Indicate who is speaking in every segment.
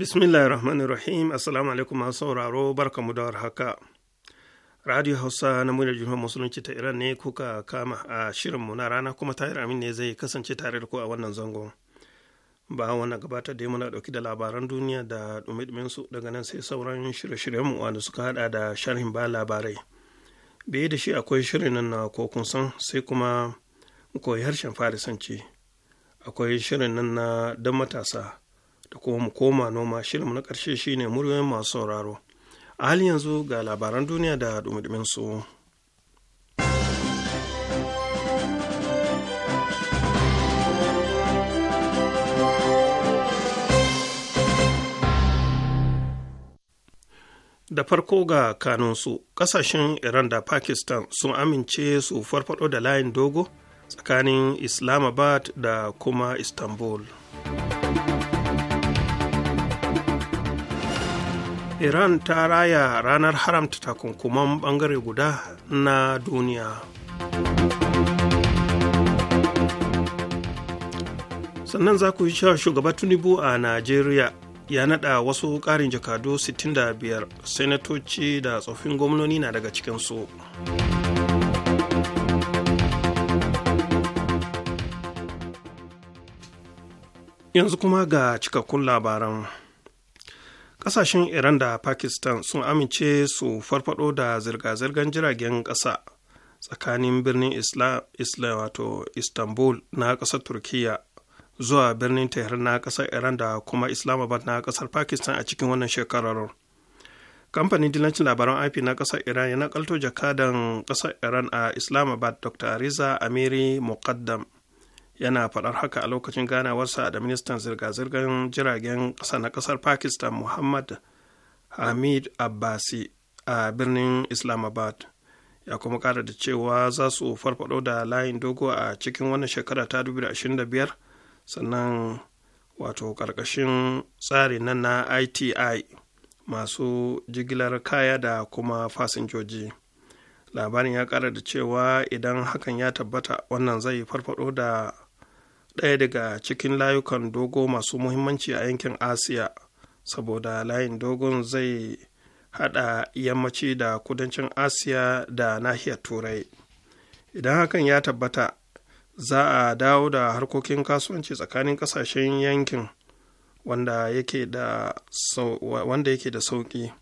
Speaker 1: Bismillahirrahmanirrahim. Assalamu alaikum masu sauraro barkamu da haka. Radio Hausa na muryar Jihar Musulunci ta Iran ne kuka kama a shirinmu na rana kuma Tahir Amin ne zai kasance tare da ku a wannan zangon. Ba wannan gabatar da muna dauki da labaran duniya da dumi su daga nan sai sauran shirye-shiryenmu wanda suka hada da sharhin ba labarai. Biye da shi akwai shirin nan na kokun san sai kuma koyi harshen Farisanci. Akwai shirin nan na dan matasa. da kuma mu koma noma shirin na ƙarshe shine muryoyin masu sauraro a halin yanzu ga labaran duniya da dumidumin su da farko ga kanunsu kasashen iran da pakistan sun amince su farfado da layin dogo tsakanin islamabad da kuma istanbul iran ta raya ranar haramta takunkuman bangare guda na duniya sannan za ku yi cewa shugaba tinubu a najeriya ya nada wasu karin jakadu 65 sanatoci da tsoffin gwamnoni na daga cikinsu yanzu kuma ga cikakkun labaran kasashen iran da pakistan sun amince su farfado da zirga-zirgar jiragen kasa tsakanin birnin islam, wato istanbul na kasar turkiya zuwa birnin tehran na kasar iran da kuma islamabad na kasar pakistan a cikin wannan shekarar kamfanin dilancin labaran ip na kasar iran ya nakalto jakadan kasar iran a islamabad dr riza amiri muqaddam yana faɗar haka a lokacin ganawarsa da ministan zirga-zirgar jiragen ƙasa na ƙasar pakistan muhammad hamid abbasi a birnin islamabad ya kuma ƙara da cewa za su farfado da layin dogo a cikin wannan shekara ta 2025 sannan wato ƙarƙashin tsari nan na iti masu jigilar kaya da kuma fasinjoji labarin ya ƙara da cewa idan hakan ya tabbata wannan zai farfaɗo da ɗaya daga cikin layukan dogo masu muhimmanci a yankin asiya saboda layin dogon zai haɗa yammaci da kudancin asiya da nahiyar turai idan hakan ya tabbata za a dawo da harkokin kasuwanci tsakanin ƙasashen yankin wanda yake da sauƙi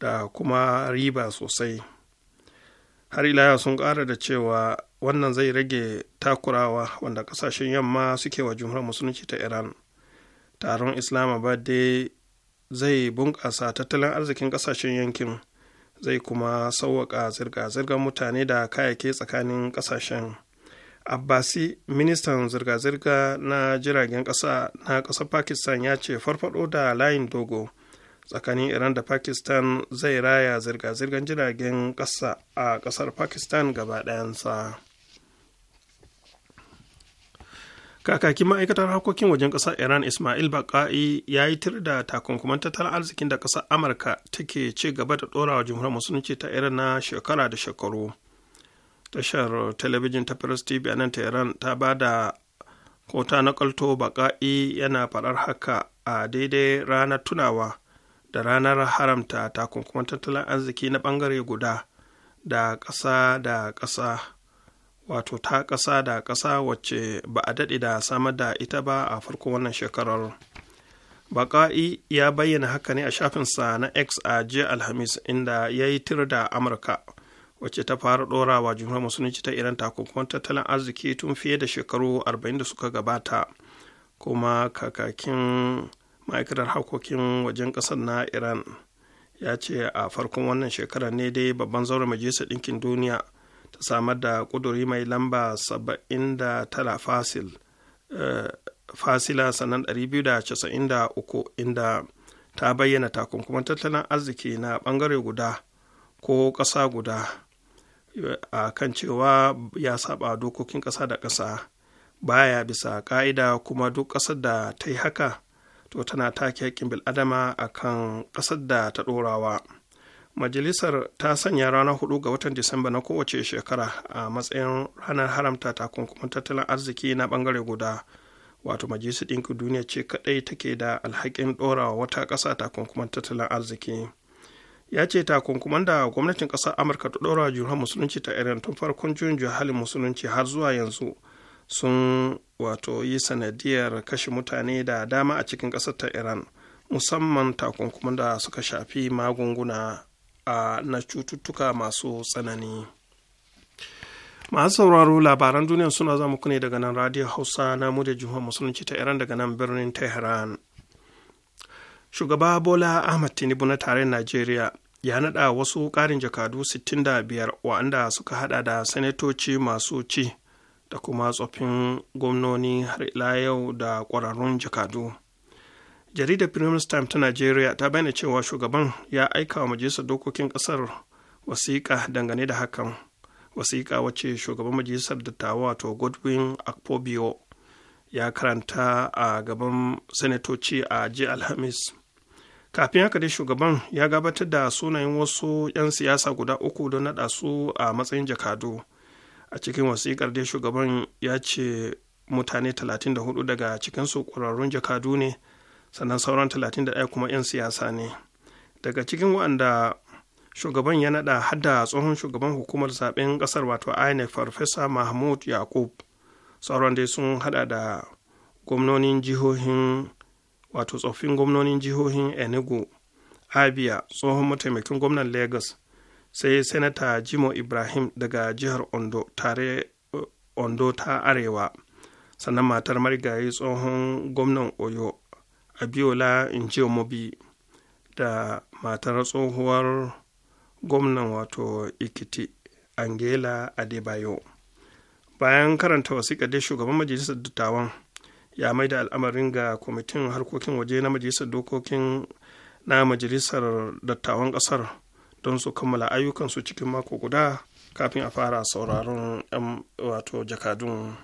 Speaker 1: da kuma riba sosai har ila sun ƙara da cewa wannan zai rage takurawa wanda kasashen yamma suke wa jumhuriyar musulunci ta iran taron islamabad dai zai bunƙasa tattalin arzikin kasashen yankin zai kuma sauwaƙa zirga-zirgar mutane da kayayyaki tsakanin kasashen abbasi ministan zirga-zirga na jiragen ƙasa na ƙasar pakistan ya ce farfado da layin dogo tsakanin iran da pakistan zai raya zirga-zirgar jiragen ƙasa a ƙasar pakistan gaba ɗayansa. kakakin ma'aikatar harkokin wajen ƙasar iran ismail baka'i ya yi tir da takunkuman tattalin arzikin da ƙasar amurka take ci gaba da ɗora wa jamhuriyar musulunci ta iran na shekara da shekaru tashar talabijin ta press tv a nan ta iran ta ba da kota na ƙalto baka'i yana faɗar haka a daidai ranar tunawa da ranar haramta takunkuman tattalin arziki na ɓangare guda da ƙasa da ƙasa wato ta ƙasa da ƙasa wacce ba a daɗe da samar da ita ba a farko wannan shekarar baƙa'i ya bayyana haka ne a shafinsa na x a jiya alhamis inda ya yi tir da amurka wacce ta fara ɗorawa wa jumhuriyar musulunci ta iran takunkuman tattalin arziki tun fiye da shekaru arba'in da suka gabata kuma kakakin ma'aikatar harkokin wajen ƙasar na iran ya ce a farkon wannan shekarar ne dai babban zauren majalisar ɗinkin duniya ta samar da ƙuduri mai lamba 79 fasil eh, fasila sannan 293 inda ta bayyana takunkuman tattalin arziki na ɓangare guda ko ƙasa guda eh, a kan cewa ya saba dokokin ƙasa da ƙasa baya bisa ƙa'ida kuma duk ƙasar da ta yi haka to tana take haƙƙin bil'adama a kan ƙasar da ta ɗorawa. majalisar ta sanya ranar hudu ga watan disamba na kowace shekara a matsayin ranar haramta takunkumin tattalin arziki na bangare guda wato majalisar ɗinkin duniya ce kaɗai take da alhakin ɗorawa wata ƙasa takunkumin tattalin arziki ya ce takunkuman da gwamnatin ƙasar amurka ta ɗora juhar musulunci ta iran tun farkon juyin halin musulunci har zuwa yanzu sun wato yi sanadiyar kashe mutane da dama a cikin ƙasar ta iran musamman takunkuman da suka shafi magunguna a na cututtuka masu tsanani masu sauraro labaran duniya suna za muku ne daga nan radio hausa na da jihar musulunci ta iran daga nan birnin tehran shugaba bola ahmad tinubu na tarayyar najeriya ya naɗa wasu karin jakadu 65 wa'anda suka hada da sanatoci masu ci da kuma tsoffin gwamnoni har ila yau da kwararrun jakadu jaridar premium time ta najeriya ta bayyana cewa shugaban ya aika wa majalisar dokokin kasar wasiƙa dangane da hakan wasiƙa wacce shugaban majalisar dattawa wato godwin akpobio ya karanta a gaban sanatoci a ji alhamis kafin haka dai shugaban ya gabatar da sunayen wasu 'yan siyasa guda uku don naɗa su a matsayin jakadu a cikin wasiƙar dai shugaban ya ce mutane 34 daga cikinsu ƙwararrun jakadu ne sannan sauran 31 kuma 'yan siyasa ne daga cikin waɗanda shugaban ya naɗa hadda tsohon shugaban hukumar zaben ƙasar wato inec farfesa mahmud yakub sauran dai sun hada da gwamnonin jihohin wato tsoffin gwamnonin jihohin enugu abia tsohon mataimakin gwamnan lagos sai senata jimo ibrahim daga jihar ondo tare ondo ta arewa sannan matar marigayi tsohon gwamnan oyo abiola injiomobi da matar tsohuwar gwamnan wato ikiti angela adebayo bayan karanta wasiƙa dai shugaban majalisar dattawan ya maida al'amarin ga kwamitin harkokin waje na majalisar dokokin na majalisar dattawan ƙasar don su kammala ayyukansu cikin mako guda kafin a fara sauraron 'yan wato jakadun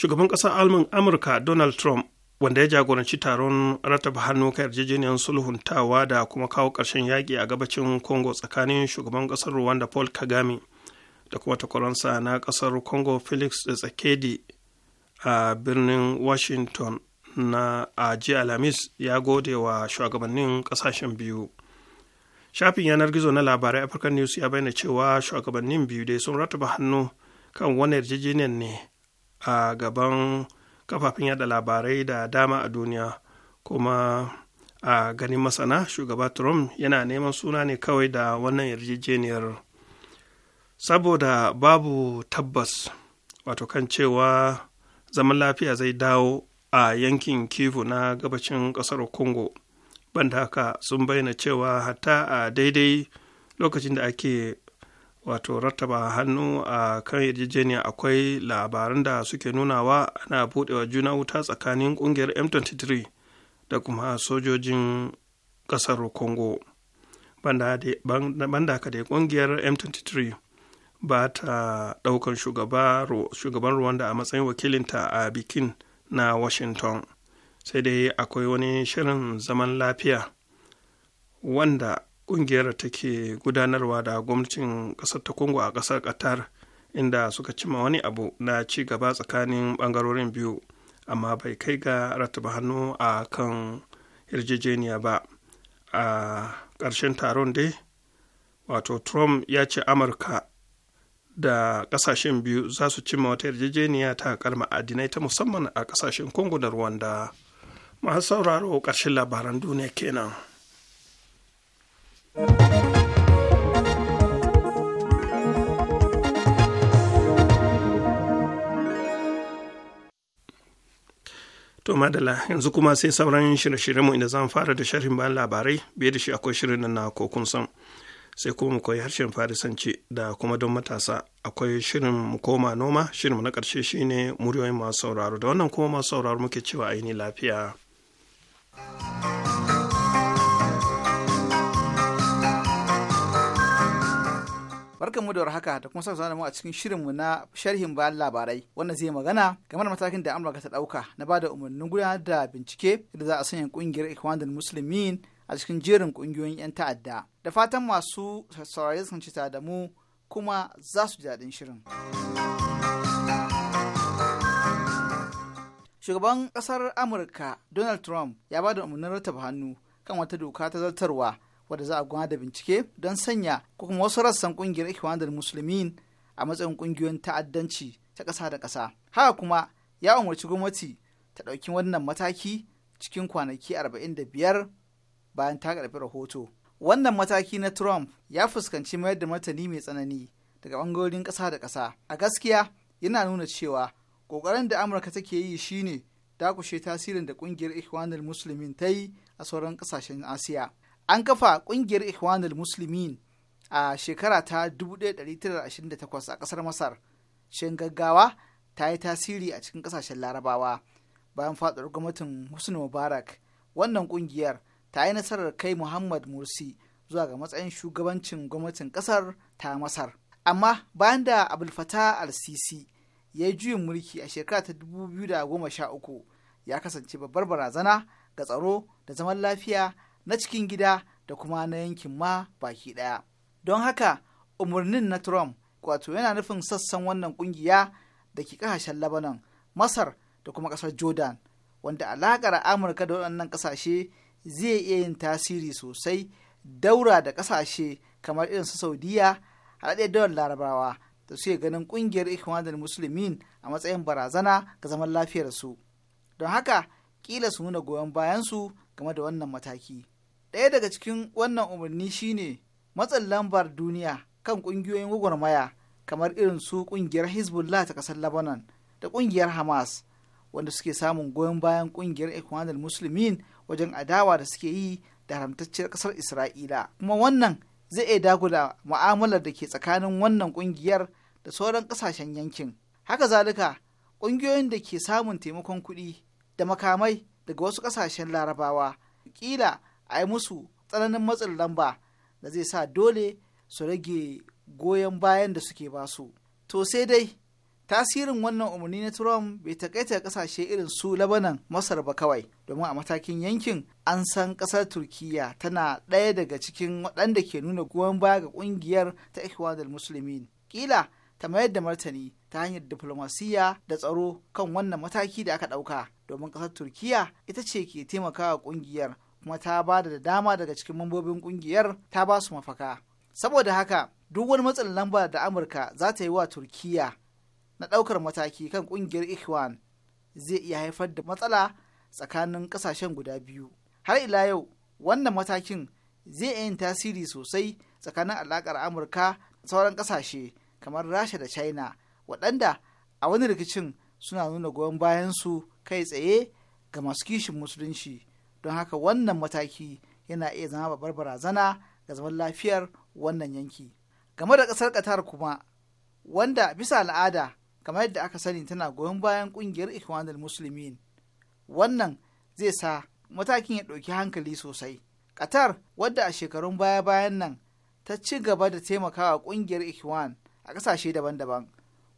Speaker 1: shugaban ƙasar alman amurka donald trump wanda ya jagoranci taron rataba hannu kan yarjejeniyar sulhuntawa da kuma kawo ƙarshen yaƙi a gabacin congo tsakanin shugaban ƙasar rwanda paul kagame da kuma takwaransa na ƙasar congo felix tsakedi a birnin washington na a jiya alhamis ya gode wa shugabannin ƙasashen biyu shafin yanar gizo na labarai african news ya bayyana cewa shugabannin biyu dai sun rataba hannu kan wani yarjejeniyar ne a gaban kafafen yada labarai da dama a duniya kuma a ganin masana shugaba trump yana neman suna ne kawai da wannan yarjejeniyar saboda babu tabbas wato kan cewa zaman lafiya zai dawo a yankin kivu na gabacin kasar congo banda haka sun bayyana cewa hatta a daidai lokacin da ake wato rattaba hannu a kan yarjejeniya akwai labaran da suke nunawa ana buɗewa juna wuta tsakanin ƙungiyar m23 da kuma sojojin ƙasar congo banda ka dai ƙungiyar m23 ba ta daukan shugaban rwanda a matsayin wakilinta a bikin na washington sai dai akwai wani shirin zaman lafiya wanda kungiyar take gudanarwa da gwamnatin kasar ta kungu a kasar qatar inda suka cima wani abu na ci gaba tsakanin bangarorin biyu amma bai kai ga rataba hannu a kan yarjejeniya ba a ƙarshen taron dai wato trump ya ce amurka da ƙasashen biyu za su cimma wata yarjejeniya ta ƙar ma'adinai ta musamman a ƙasashen kungu da da masu sauraro ƙarshen labaran duniya kenan. To madala yanzu kuma sai sauran shirye-shiryenmu inda zan fara da sharhin bayan labarai biye da shi akwai shirin na kun san sai kuma mu koyi harshen farisanci da kuma don matasa akwai shirin mu koma noma shirin mu na karshe shine muryoyin masu sauraro da wannan kuma masu sauraro muke cewa aini lafiya.
Speaker 2: barkan mu da warhaka da kuma saka mu a cikin shirin mu na sharhin bayan labarai wanda zai magana game da matakin da Amurka ta dauka na ba da umarnin gudanar da bincike da za a sanya kungiyar Ikhwanul musulmin a cikin jerin kungiyoyin 'yan ta'adda da fatan masu saurayi sun ci da mu kuma za su ji daɗin shirin. Shugaban ƙasar Amurka Donald Trump ya ba da umarnin rattaba hannu kan wata doka ta zartarwa wadda za a gudanar da bincike don sanya ko kuma wasu rassan kungiyar ikhwanul muslimin a matsayin kungiyoyin ta'addanci ta ƙasa da ƙasa haka kuma ya umarci gwamnati ta ɗauki wannan mataki cikin kwanaki 45 bayan ta karɓi rahoto wannan mataki na trump ya fuskanci mayar da matani mai tsanani daga ɓangarorin ƙasa da ƙasa a gaskiya yana nuna cewa ƙoƙarin da amurka take yi shine dakushe tasirin da ƙungiyar ikhwanul muslimin ta yi a sauran ƙasashen asiya an kafa ƙungiyar ikhwanul muslimin a shekara ta 1928 a ƙasar masar shin gaggawa ta yi tasiri a cikin ƙasashen larabawa bayan faɗuwar gwamnatin husni mubarak wannan ƙungiyar ta yi nasarar kai muhammad mursi zuwa ga matsayin shugabancin gwamnatin ƙasar ta masar amma bayan da abulfata al-sisi ya yi juyin mulki a shekara ta 2013 ya kasance babbar barazana ga tsaro da zaman lafiya na cikin gida da kuma na yankin ma baki ɗaya. Don haka umarnin na Trump wato yana nufin sassan wannan kungiya da ke kasashen Lebanon, Masar da kuma ƙasar Jordan, wanda alaƙar Amurka da waɗannan ƙasashe zai iya yin tasiri sosai daura da ƙasashe kamar irin su Saudiya, haɗaɗɗiyar daular Larabawa da su ganin ƙungiyar Ikhwanul Musulmin a matsayin barazana ga zaman lafiyarsu. Don haka, kila su nuna goyon bayansu game da wannan mataki. ɗaya daga cikin wannan umarni shine matsin lambar duniya kan ƙungiyoyin gwagwarmaya kamar irin su ƙungiyar hezbollah ta ƙasar lebanon da ƙungiyar hamas wanda suke samun goyon bayan ƙungiyar ikwanul musulmin wajen adawa da suke yi da haramtacciyar ƙasar isra'ila kuma wannan zai iya dagula mu'amalar da ke tsakanin wannan ƙungiyar da sauran ƙasashen yankin haka zalika ƙungiyoyin da ke samun taimakon kuɗi da makamai daga wasu ƙasashen larabawa kila a yi musu tsananin matsin lamba da zai sa dole su rage goyon bayan da suke basu. To sai dai tasirin wannan umarni na Trump bai takaita kasashe irin su Labanan Masar ba kawai domin a matakin yankin an san kasar Turkiyya tana ɗaya daga cikin waɗanda ke nuna goyon baya ga ƙungiyar ta Ikhwanul musulmi Kila ta mayar da martani ta hanyar diflomasiyya da tsaro kan wannan mataki da aka ɗauka domin ƙasar Turkiyya ita ce ke taimakawa ƙungiyar kuma ta ba da dama daga cikin mambobin kungiyar ta ba su mafaka saboda haka duk wani matsalin lamba da amurka za ta yi wa turkiya na ɗaukar mataki kan kungiyar ikhwan zai iya haifar da matsala tsakanin ƙasashen guda biyu har ila yau wannan matakin zai yi tasiri sosai tsakanin alaƙar amurka da sauran ƙasashe kamar rasha da china waɗanda a wani rikicin suna nuna goyon bayansu kai tsaye ga masu kishin musulunci don haka wannan mataki yana iya zama babbar barazana ga zaman lafiyar wannan yanki game da ƙasar qatar kuma wanda bisa al'ada kamar yadda aka sani tana goyon bayan ƙungiyar ikhwanul muslimin wannan zai sa matakin ya ɗauki hankali sosai qatar wadda a shekarun baya bayan nan ta ci gaba da taimakawa ƙungiyar ikhwan a ƙasashe daban-daban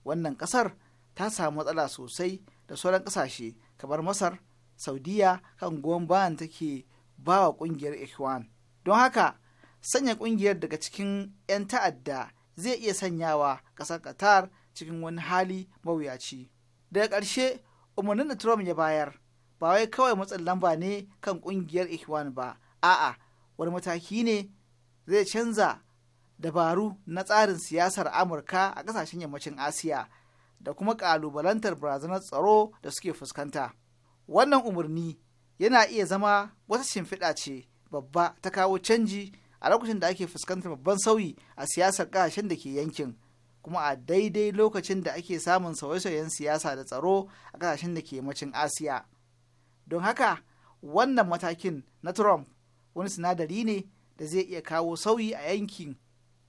Speaker 2: wannan ƙasar ta samu matsala sosai da sauran ƙasashe kamar masar saudiya kan goyon bayan take ba wa ƙungiyar ikhwan don haka sanya ƙungiyar daga cikin 'yan ta'adda zai iya sanyawa ƙasar qatar cikin wani hali mawuyaci daga ƙarshe umarnin da trump ya bayar ba wai kawai matsin lamba ne kan ƙungiyar ikhwan ba a'a wani mataki ne zai canza dabaru na tsarin siyasar amurka a ƙasashen yammacin asiya da kuma ƙalubalantar barazanar tsaro da suke fuskanta. wannan umarni yana iya zama wata shimfiɗa ce babba ta kawo canji a lokacin da ake fuskantar babban sauyi a siyasar ƙasashen da ke yankin kuma a daidai lokacin da ake samun sauye-sauyen siyasa da tsaro a ƙasashen da ke yammacin asiya don haka wannan matakin na trump wani sinadari ne da zai iya kawo sauyi a yankin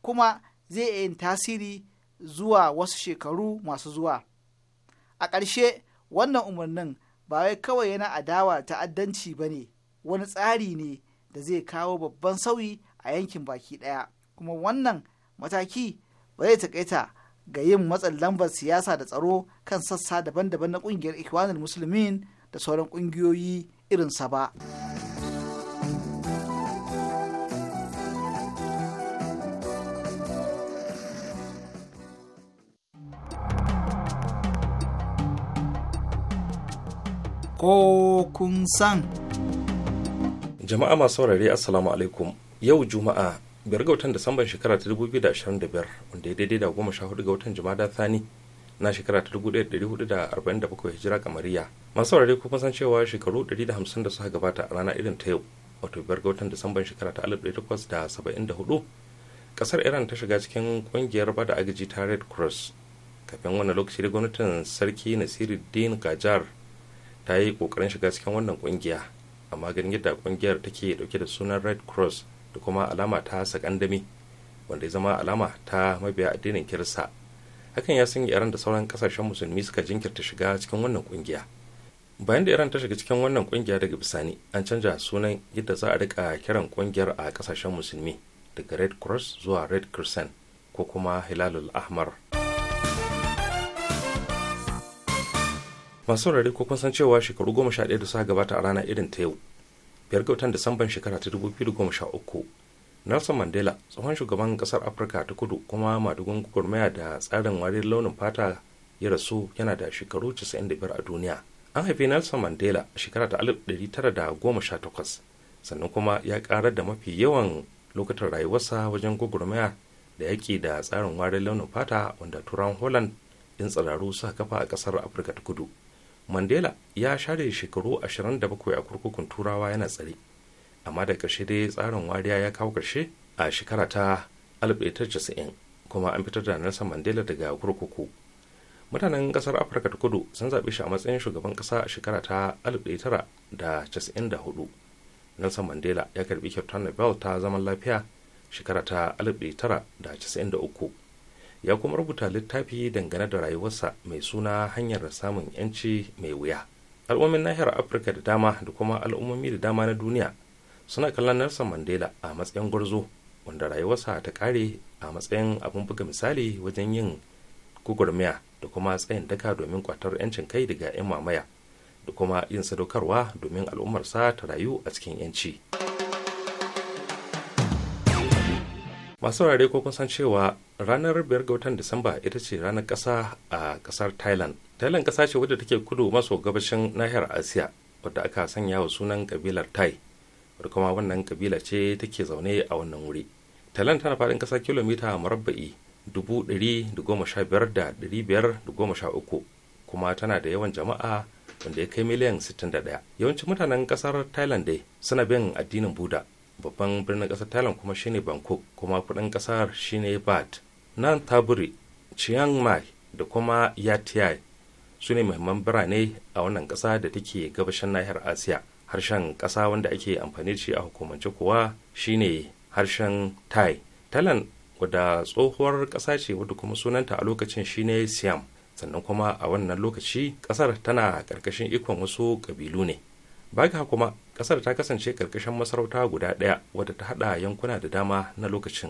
Speaker 2: kuma zai iya yin tasiri zuwa wasu shekaru masu zuwa a ƙarshe wannan umarnin ba wai kawai yana adawa ta'addanci ba ne wani tsari ne da zai kawo babban sauyi a yankin baki ɗaya kuma wannan mataki ba zai taƙaita ga yin matsan lambar siyasa da tsaro kan sassa daban-daban na ƙungiyar ikwanul musulmin da sauran ƙungiyoyi irinsa ba. ko kun san.
Speaker 3: Jama'a masu saurare Assalamu alaikum yau Juma'a biyar ga watan Disamban shekara ta 2025 wanda ya daidai da goma sha hudu ga watan Jumada Thani na shekara ta 1447 hijira kamariya. Masu saurare kuma san cewa shekaru 150 da suka gabata a rana irin ta yau wato biyar ga watan Disamban shekara ta 1874 kasar Iran ta shiga cikin kungiyar bada agaji ta Red Cross kafin wannan lokaci da gwamnatin sarki Nasiruddin Gajar ta yi kokarin shiga cikin wannan kungiya amma ganin yadda kungiyar take dauke da sunan red cross da kuma alama ta sakandami wanda ya zama alama ta mabiya addinin kirista hakan ya sanya iran da sauran kasashen musulmi suka jinkirta shiga cikin wannan kungiya bayan da iran ta shiga cikin wannan kungiya daga bisani an canja sunan yadda za a rika kiran kungiyar a kasashen musulmi daga red cross zuwa red crescent ko kuma hilalul ahmar. masu saurare ko kusan cewa shekaru goma sha ɗaya da suka gabata a rana irin ta yau biyar ga watan disamban shekara ta dubu biyu da goma sha uku nelson mandela tsohon shugaban ƙasar afirka ta kudu kuma madugun gwagwarmaya da tsarin wariyar launin fata ya rasu yana da shekaru biyar a duniya an haifi nelson mandela a shekara ta takwas sannan kuma ya karar da mafi yawan lokutan rayuwarsa wajen gwagwarmaya da yaƙi da tsarin warin launin fata wanda turan holland ɗin tsiraru suka kafa a ƙasar afirka ta kudu mandela ya share shekaru 27 a kurkukun turawa yana tsare amma da ƙarshe dai tsarin wariya ya kawo ƙarshe a shekara ta 1990 kuma an fitar da nelson mandela daga kurkuku mutanen ƙasar afirka ta kudu sun zaɓi shi a matsayin shugaban ƙasa a shekara ta 1994 nelson mandela ya karbi kyautar nobel ta zaman lafiya shekara ta 1993 ya kuma rubuta littafi dangane da rayuwarsa mai suna hanyar samun yanci mai wuya al'ummin nahiyar afirka da dama da kuma al'ummomi da dama na duniya suna kallon nelson mandela a matsayin gwarzo wanda rayuwarsa ta kare a matsayin abin buga misali wajen yin gugurmiya da kuma tsayin daka domin kwatar 'yancin kai daga 'yan mamaya da kuma yin sadaukarwa domin al'ummarsa ta rayu a cikin 'yanci. masu rare ko kun san cewa ranar biyar ga watan disamba ita ce ranar kasa a kasar thailand thailand kasa ce wadda take kudu maso gabashin nahiyar asiya wadda aka sanya wa sunan kabilar thai wadda kuma wannan kabila ce take zaune a wannan wuri thailand tana faɗin ƙasa kilomita marabba'i uku kuma tana da yawan jama'a wanda ya kai miliyan ɗaya yawancin mutanen kasar thailand dai suna bin addinin buda babban birnin kasar thailand kuma shine bangkok kuma kudin kasar shine bat nan taburi chiang mai da kuma yatiai su ne muhimman birane a wannan ƙasa da take gabashin nahiyar asiya harshen ƙasa wanda ake amfani da shi a hukumance kuwa shine harshen thai thailand wadda tsohuwar ƙasa ce wadda kuma sunanta a lokacin shine siam sannan kuma a wannan lokaci ƙasar tana ƙarƙashin ikon wasu ƙabilu ne baka kuma kasar ta kasance karkashin masarauta guda ɗaya wadda ta haɗa yankuna da dama na lokacin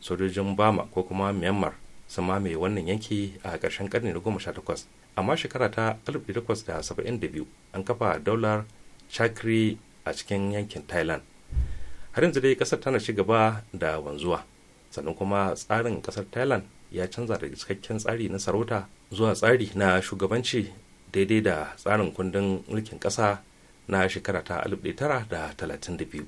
Speaker 3: sojojin bama ko kuma myanmar sun mamaye wannan yanki a ƙarshen ƙarni na goma sha takwas amma shekara ta 1872 an kafa daular chakri a cikin yankin thailand har yanzu dai ƙasar tana ci gaba da wanzuwa sannan kuma tsarin kasar thailand ya canza daga cikakken tsari na sarauta zuwa tsari na shugabanci daidai da tsarin kundin mulkin kasa. na shekara ta 1932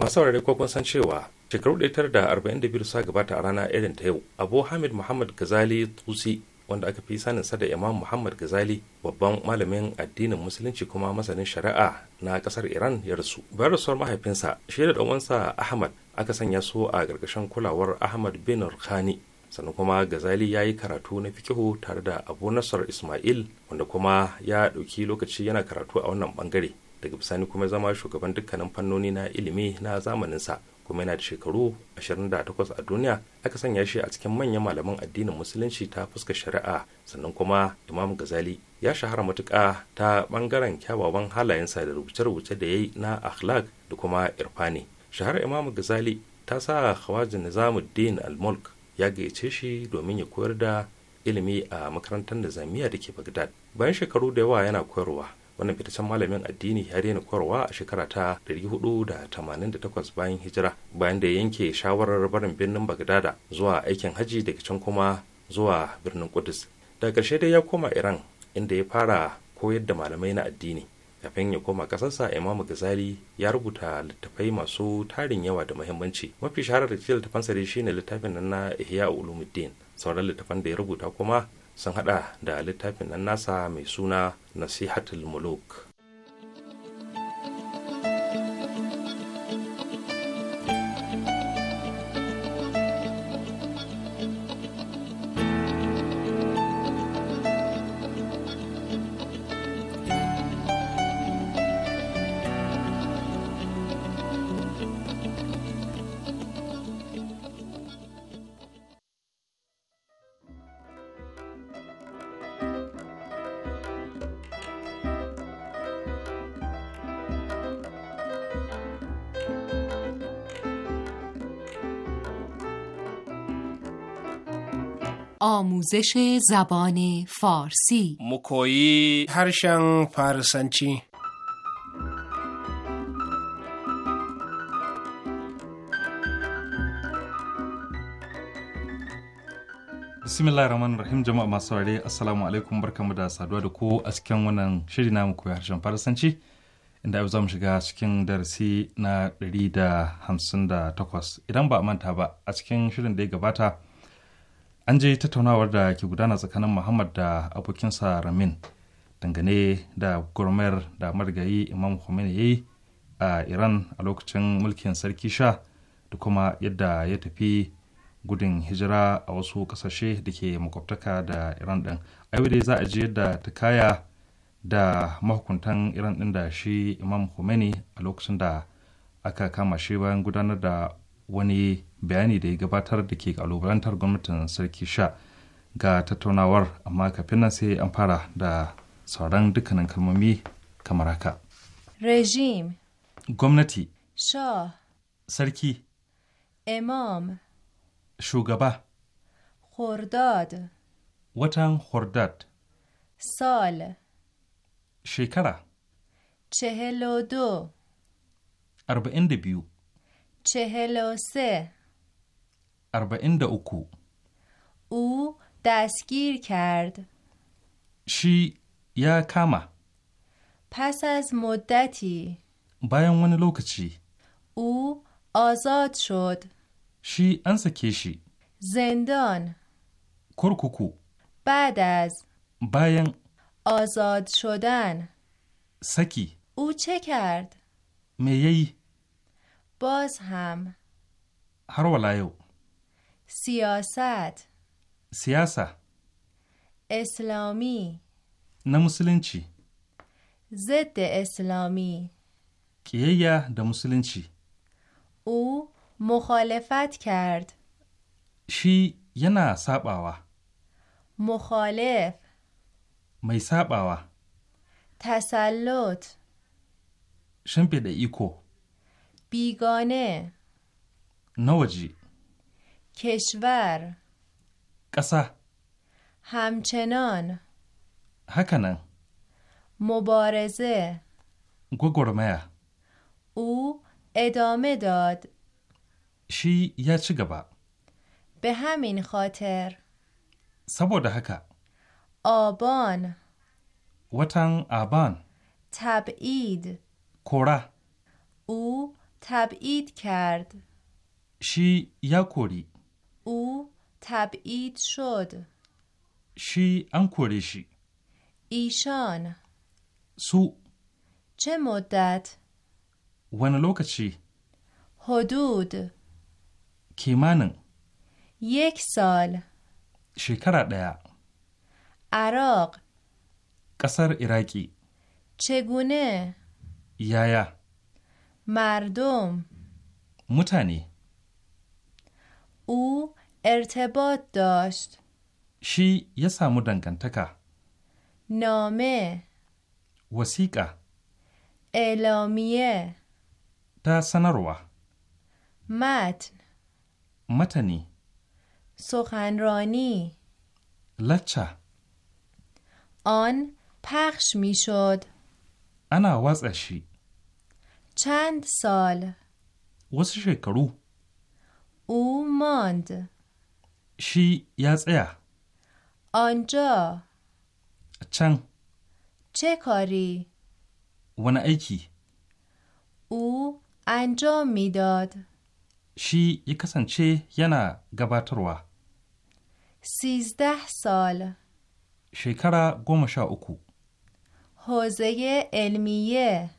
Speaker 3: masu saurari ko kun san cewa shekaru 1942 sa gabata a rana irin ta yau abu hamid muhammad gazali tusi wanda aka fi sanin sa da imam muhammad gazali babban malamin addinin musulunci kuma masanin shari'a na kasar iran ya rasu bayan rasuwar mahaifinsa shi da ɗanwansa ahmad aka sanya su a ƙarƙashin kulawar ahmad bin rukhani sannan kuma gazali ya yi karatu na fikihu tare da abu nasar ismail wanda kuma ya ɗauki lokaci yana karatu a wannan bangare daga bisani kuma zama shugaban dukkanin fannoni na ilimi na zamaninsa kuma yana da shekaru 28 a duniya aka sanya shi a cikin manyan malaman addinin musulunci ta fuska shari'a sannan kuma imam gazali ya shahara matuka ta bangaren kyawawan halayensa da rubuce-rubuce da ya yi na akhlaq da kuma irfani shahara imam gazali ta sa khawajin nizamuddin al-mulk ya gayyace shi domin ya koyar da ilimi a makarantar nizamiya da ke bagdad bayan shekaru da yawa yana koyarwa wannan fitaccen malamin addini ya daina koyarwa a shekara ta 488 bayan hijira bayan da yanke shawarar barin birnin bagdada zuwa aikin haji daga can kuma zuwa birnin kudus daga ƙarshe dai ya koma iran inda ya fara koyar da malamai na addini kafin ya koma kasarsa imamu gazali ya rubuta littattafai masu tarin yawa da muhimmanci mafi shahara da cikin littafansa dai shine littafin nan na ihya ulumuddin sauran littafan da ya rubuta kuma sun hada da littafin nan nasa mai suna nasihatul muluk
Speaker 4: آموزش زبان فارسی
Speaker 3: مکویی
Speaker 5: هرشن فارسنچی
Speaker 3: bismillah rahman rahim jama'a masu ware assalamu alaikum barkamu da saduwa da ku a cikin wannan shiri mu koyi harshen farasanci inda yau za mu shiga cikin darasi na da da 158 idan ba a manta ba a cikin shirin da ya gabata an je tattaunawar da ke gudana tsakanin muhammad da abokinsa ramin dangane da gurmayar da marigayi imam khomeini ya yi a iran a lokacin mulkin sarki sha da kuma yadda ya tafi gudun hijira a wasu kasashe da ke makwabtaka da iran din a dai za a je da ta kaya da mahukuntan iran din da shi imam khomeini a lokacin da aka kama shi bayan gudanar da wani bayani da ya gabatar da ke kalubalantar gwamnatin sarki sha ga tattaunawar amma kafin nan sai an fara da sauran dukkanin kalmomi kamar haka.
Speaker 4: Regime
Speaker 3: Gwamnati Sha. Sarki
Speaker 4: Imam
Speaker 3: Shugaba
Speaker 4: Hordad
Speaker 3: Watan Hordad
Speaker 4: Sal Shekara چهل do.
Speaker 3: Arba'in da biyu. se. Arba'in da uku.
Speaker 4: U dasgir kard.
Speaker 3: Shi ya kama.
Speaker 4: Fasas muddati.
Speaker 3: Bayan wani lokaci.
Speaker 4: U azad shod.
Speaker 3: Shi an sake shi.
Speaker 4: Zindon. Kurkuku. Badaz. Bayan. Azad shodan. Saki. U ce Me yayi. Boz ham.
Speaker 3: Har wala yau.
Speaker 4: سیاست سیاست اسلامی
Speaker 3: نه مسلنچی
Speaker 4: ضد اسلامی
Speaker 3: کیه ده مسلنچی
Speaker 4: او مخالفت کرد
Speaker 3: شی ینا ساباوا
Speaker 4: مخالف
Speaker 3: می ساباوا
Speaker 4: تسلط
Speaker 3: شمپی ده ایکو
Speaker 4: بیگانه نوجی کشور قصه همچنان هکنن مبارزه
Speaker 3: گوگرمه
Speaker 4: او ادامه داد
Speaker 3: شی یا چی گبا
Speaker 4: به همین خاطر
Speaker 3: سبوده هکا
Speaker 4: آبان
Speaker 3: وطن آبان
Speaker 4: تبعید کره او تبعید کرد
Speaker 3: شی یا کوری
Speaker 4: او تبعید شد
Speaker 3: شی انکورشی
Speaker 4: ایشان سو چه مدت؟
Speaker 3: ون لوکچی
Speaker 4: حدود kimanin yek sal
Speaker 3: shekara ɗaya araq ƙasar iraki
Speaker 4: cegune yaya mardom mutane او ارتباط داشت
Speaker 3: شی یه سامو تکه.
Speaker 4: نامه
Speaker 3: وسیقه
Speaker 4: اعلامیه
Speaker 3: تا سنروه
Speaker 4: متن متنی سخنرانی لچه آن پخش میشد
Speaker 3: انا وزشی.
Speaker 4: چند سال
Speaker 3: وزش کرو.
Speaker 4: au monde.
Speaker 3: Shi ya tsaya.
Speaker 4: Anja. Can. Ce kari.
Speaker 3: Wani aiki.
Speaker 4: U anja midad.
Speaker 3: Shi ya kasance yana gabatarwa.
Speaker 4: Sizdah sal.
Speaker 3: Shekara goma sha uku.
Speaker 4: Hozeye elmiye.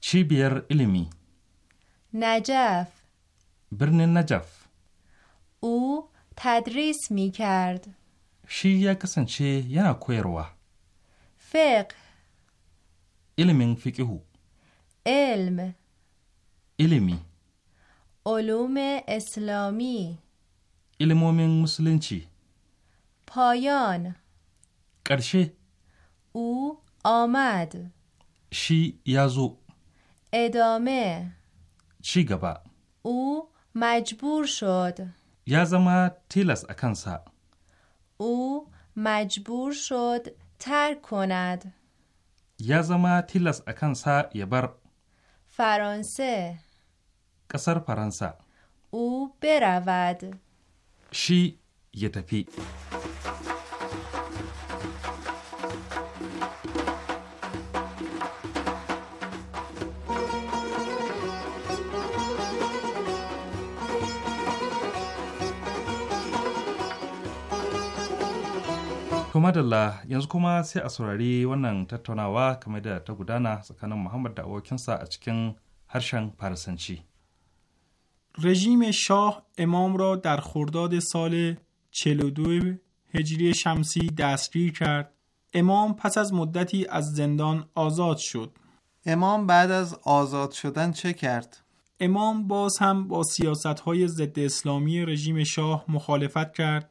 Speaker 3: Cibiyar ilimi.
Speaker 4: Najaf.
Speaker 3: برن نجف
Speaker 4: او تدریس می کرد
Speaker 3: شی یا کسن چه ینا کویروا فقه علم فقه
Speaker 4: علم علمی علوم اسلامی
Speaker 3: علمومین مسلنچی
Speaker 4: پایان قرشه او آمد
Speaker 3: شی یازو
Speaker 4: ادامه چی گبا او مجبور شد
Speaker 3: یا تیلس اکنسا
Speaker 4: او مجبور شد ترک کند
Speaker 3: یا تیلس اکنسا یبر
Speaker 4: فرانسه
Speaker 3: قصر فرانسه
Speaker 4: او برود
Speaker 3: شی یتفی To madalla yanzu kuma sai a saurari wannan tattaunawa kamar da ta gudana tsakanin Muhammad da abokinsa a cikin harshen Farisanci.
Speaker 6: رژیم شاه امام را در خرداد سال 42 هجری شمسی دستگیر کرد امام پس از مدتی از زندان آزاد شد امام بعد از آزاد شدن چه کرد؟ امام باز هم با سیاست های ضد اسلامی رژیم شاه مخالفت کرد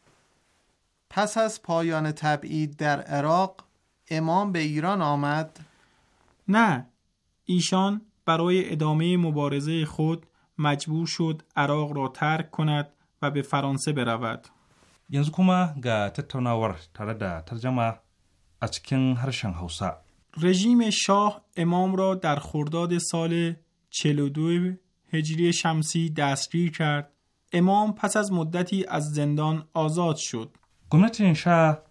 Speaker 6: پس از پایان تبعید در عراق امام به ایران آمد؟ نه ایشان برای ادامه مبارزه خود مجبور شد عراق را ترک کند و به فرانسه برود. رژیم شاه امام را در خرداد سال 42 هجری شمسی دستگیر کرد. امام پس از مدتی از زندان آزاد شد. gwamnatin sha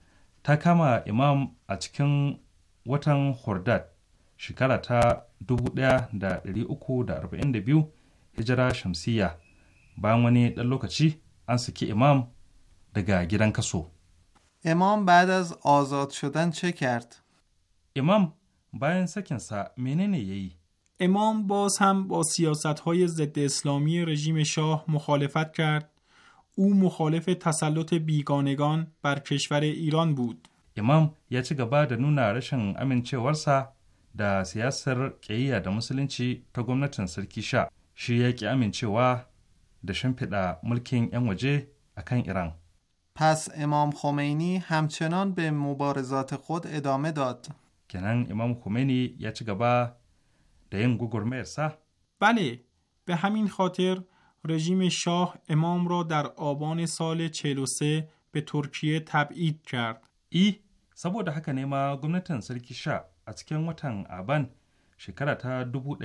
Speaker 6: ta kama imam a cikin watan hordad shekara ta
Speaker 3: 1342 hijira shamsiya bayan wani ɗan lokaci an saki imam daga gidan kaso
Speaker 6: imam bad az shudan imam bayan sakinsa menene ya yi Bos باز هم با سیاست های ضد اسلامی رژیم او مخالف تسلط بیگانگان بر کشور ایران
Speaker 3: بود. امام یا چه گبا ده نونا رشن امن چه ورسا ده سیاسر قیه ده مسلین چی تا گمنتن سرکی شا. شی یکی امن چه وا ده شن پیدا ملکین این وجه اکن ایران. پس امام خمینی همچنان
Speaker 6: به مبارزات خود ادامه داد. کنان امام خمینی یا چه گبا ده این گو گرمه ارسا؟ بله، به همین خاطر رژیم شاه امام را در آبان سال 43 به ترکیه تبعید کرد. ای سبوده حکر نیما گمنتن سرکی شا از کن وطن آبان
Speaker 3: شکره تا دوبو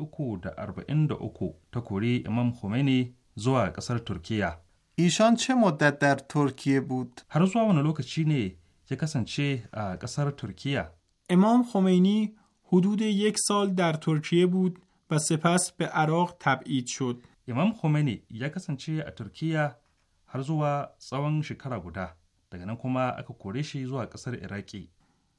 Speaker 3: اکو ارب اکو تکوری امام خمینی زو قصر ترکیه. ایشان چه مدت در ترکیه بود؟ هر زوا و نلوک چی نی؟
Speaker 6: چه قصر ترکیه؟ امام خمینی حدود یک سال در ترکیه بود و سپس به عراق تبعید شد. Imam Khomeini ya
Speaker 3: kasance a Turkiyya har zuwa tsawon shekara guda, daga nan kuma aka kore
Speaker 6: shi zuwa ƙasar Iraki.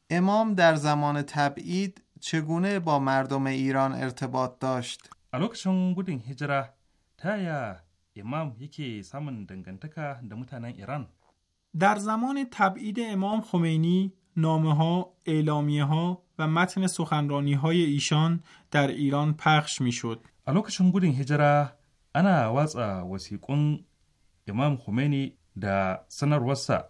Speaker 6: Imam dar zaman tab'id chegune ba mardom Iran irtibat dasht? a lokacin gudun hijira ta ya imam yake samun dangantaka da mutanen Iran? در زمان تبعید امام خمینی نامه ها، اعلامیه ها و متن سخنرانی های ایشان در ایران پخش می شد. a lokacin gudun hijira ana watsa
Speaker 3: wasiƙun Imam Khomeini da sanarwarsa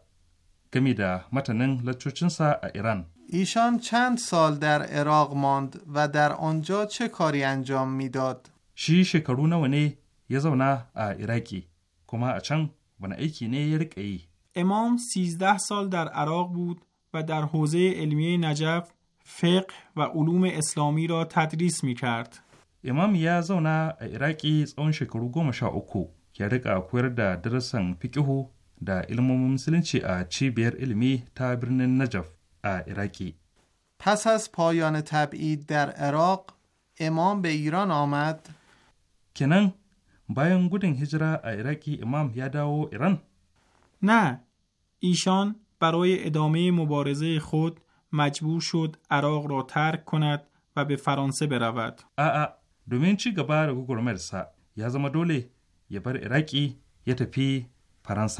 Speaker 3: game da
Speaker 6: matanin laccocinsa a Iran. ایشان چند سال در عراق ماند و در آنجا چه کاری انجام میداد؟ شی شکرو نو نه یزونا عراقی کما اچن ون ایکی نه یرقی امام 13 سال در عراق بود و در حوزه علمیه نجف فقه و علوم اسلامی را تدریس می کرد. امام ya zauna a Iraki tsawon shekaru goma sha uku,
Speaker 3: ya riƙa koyar da darasan fikihu da ilmomin musulunci a cibiyar ilimi
Speaker 6: پس از پایان تبعید در عراق امام به ایران آمد کنن بایان گودن هجرا اراقی امام یاداو ایران نه ایشان برای ادامه مبارزه خود مجبور شد عراق را ترک کند و به فرانسه برود. domin ci gaba da sa ya zama dole ya bar
Speaker 3: iraki ya tafi faransa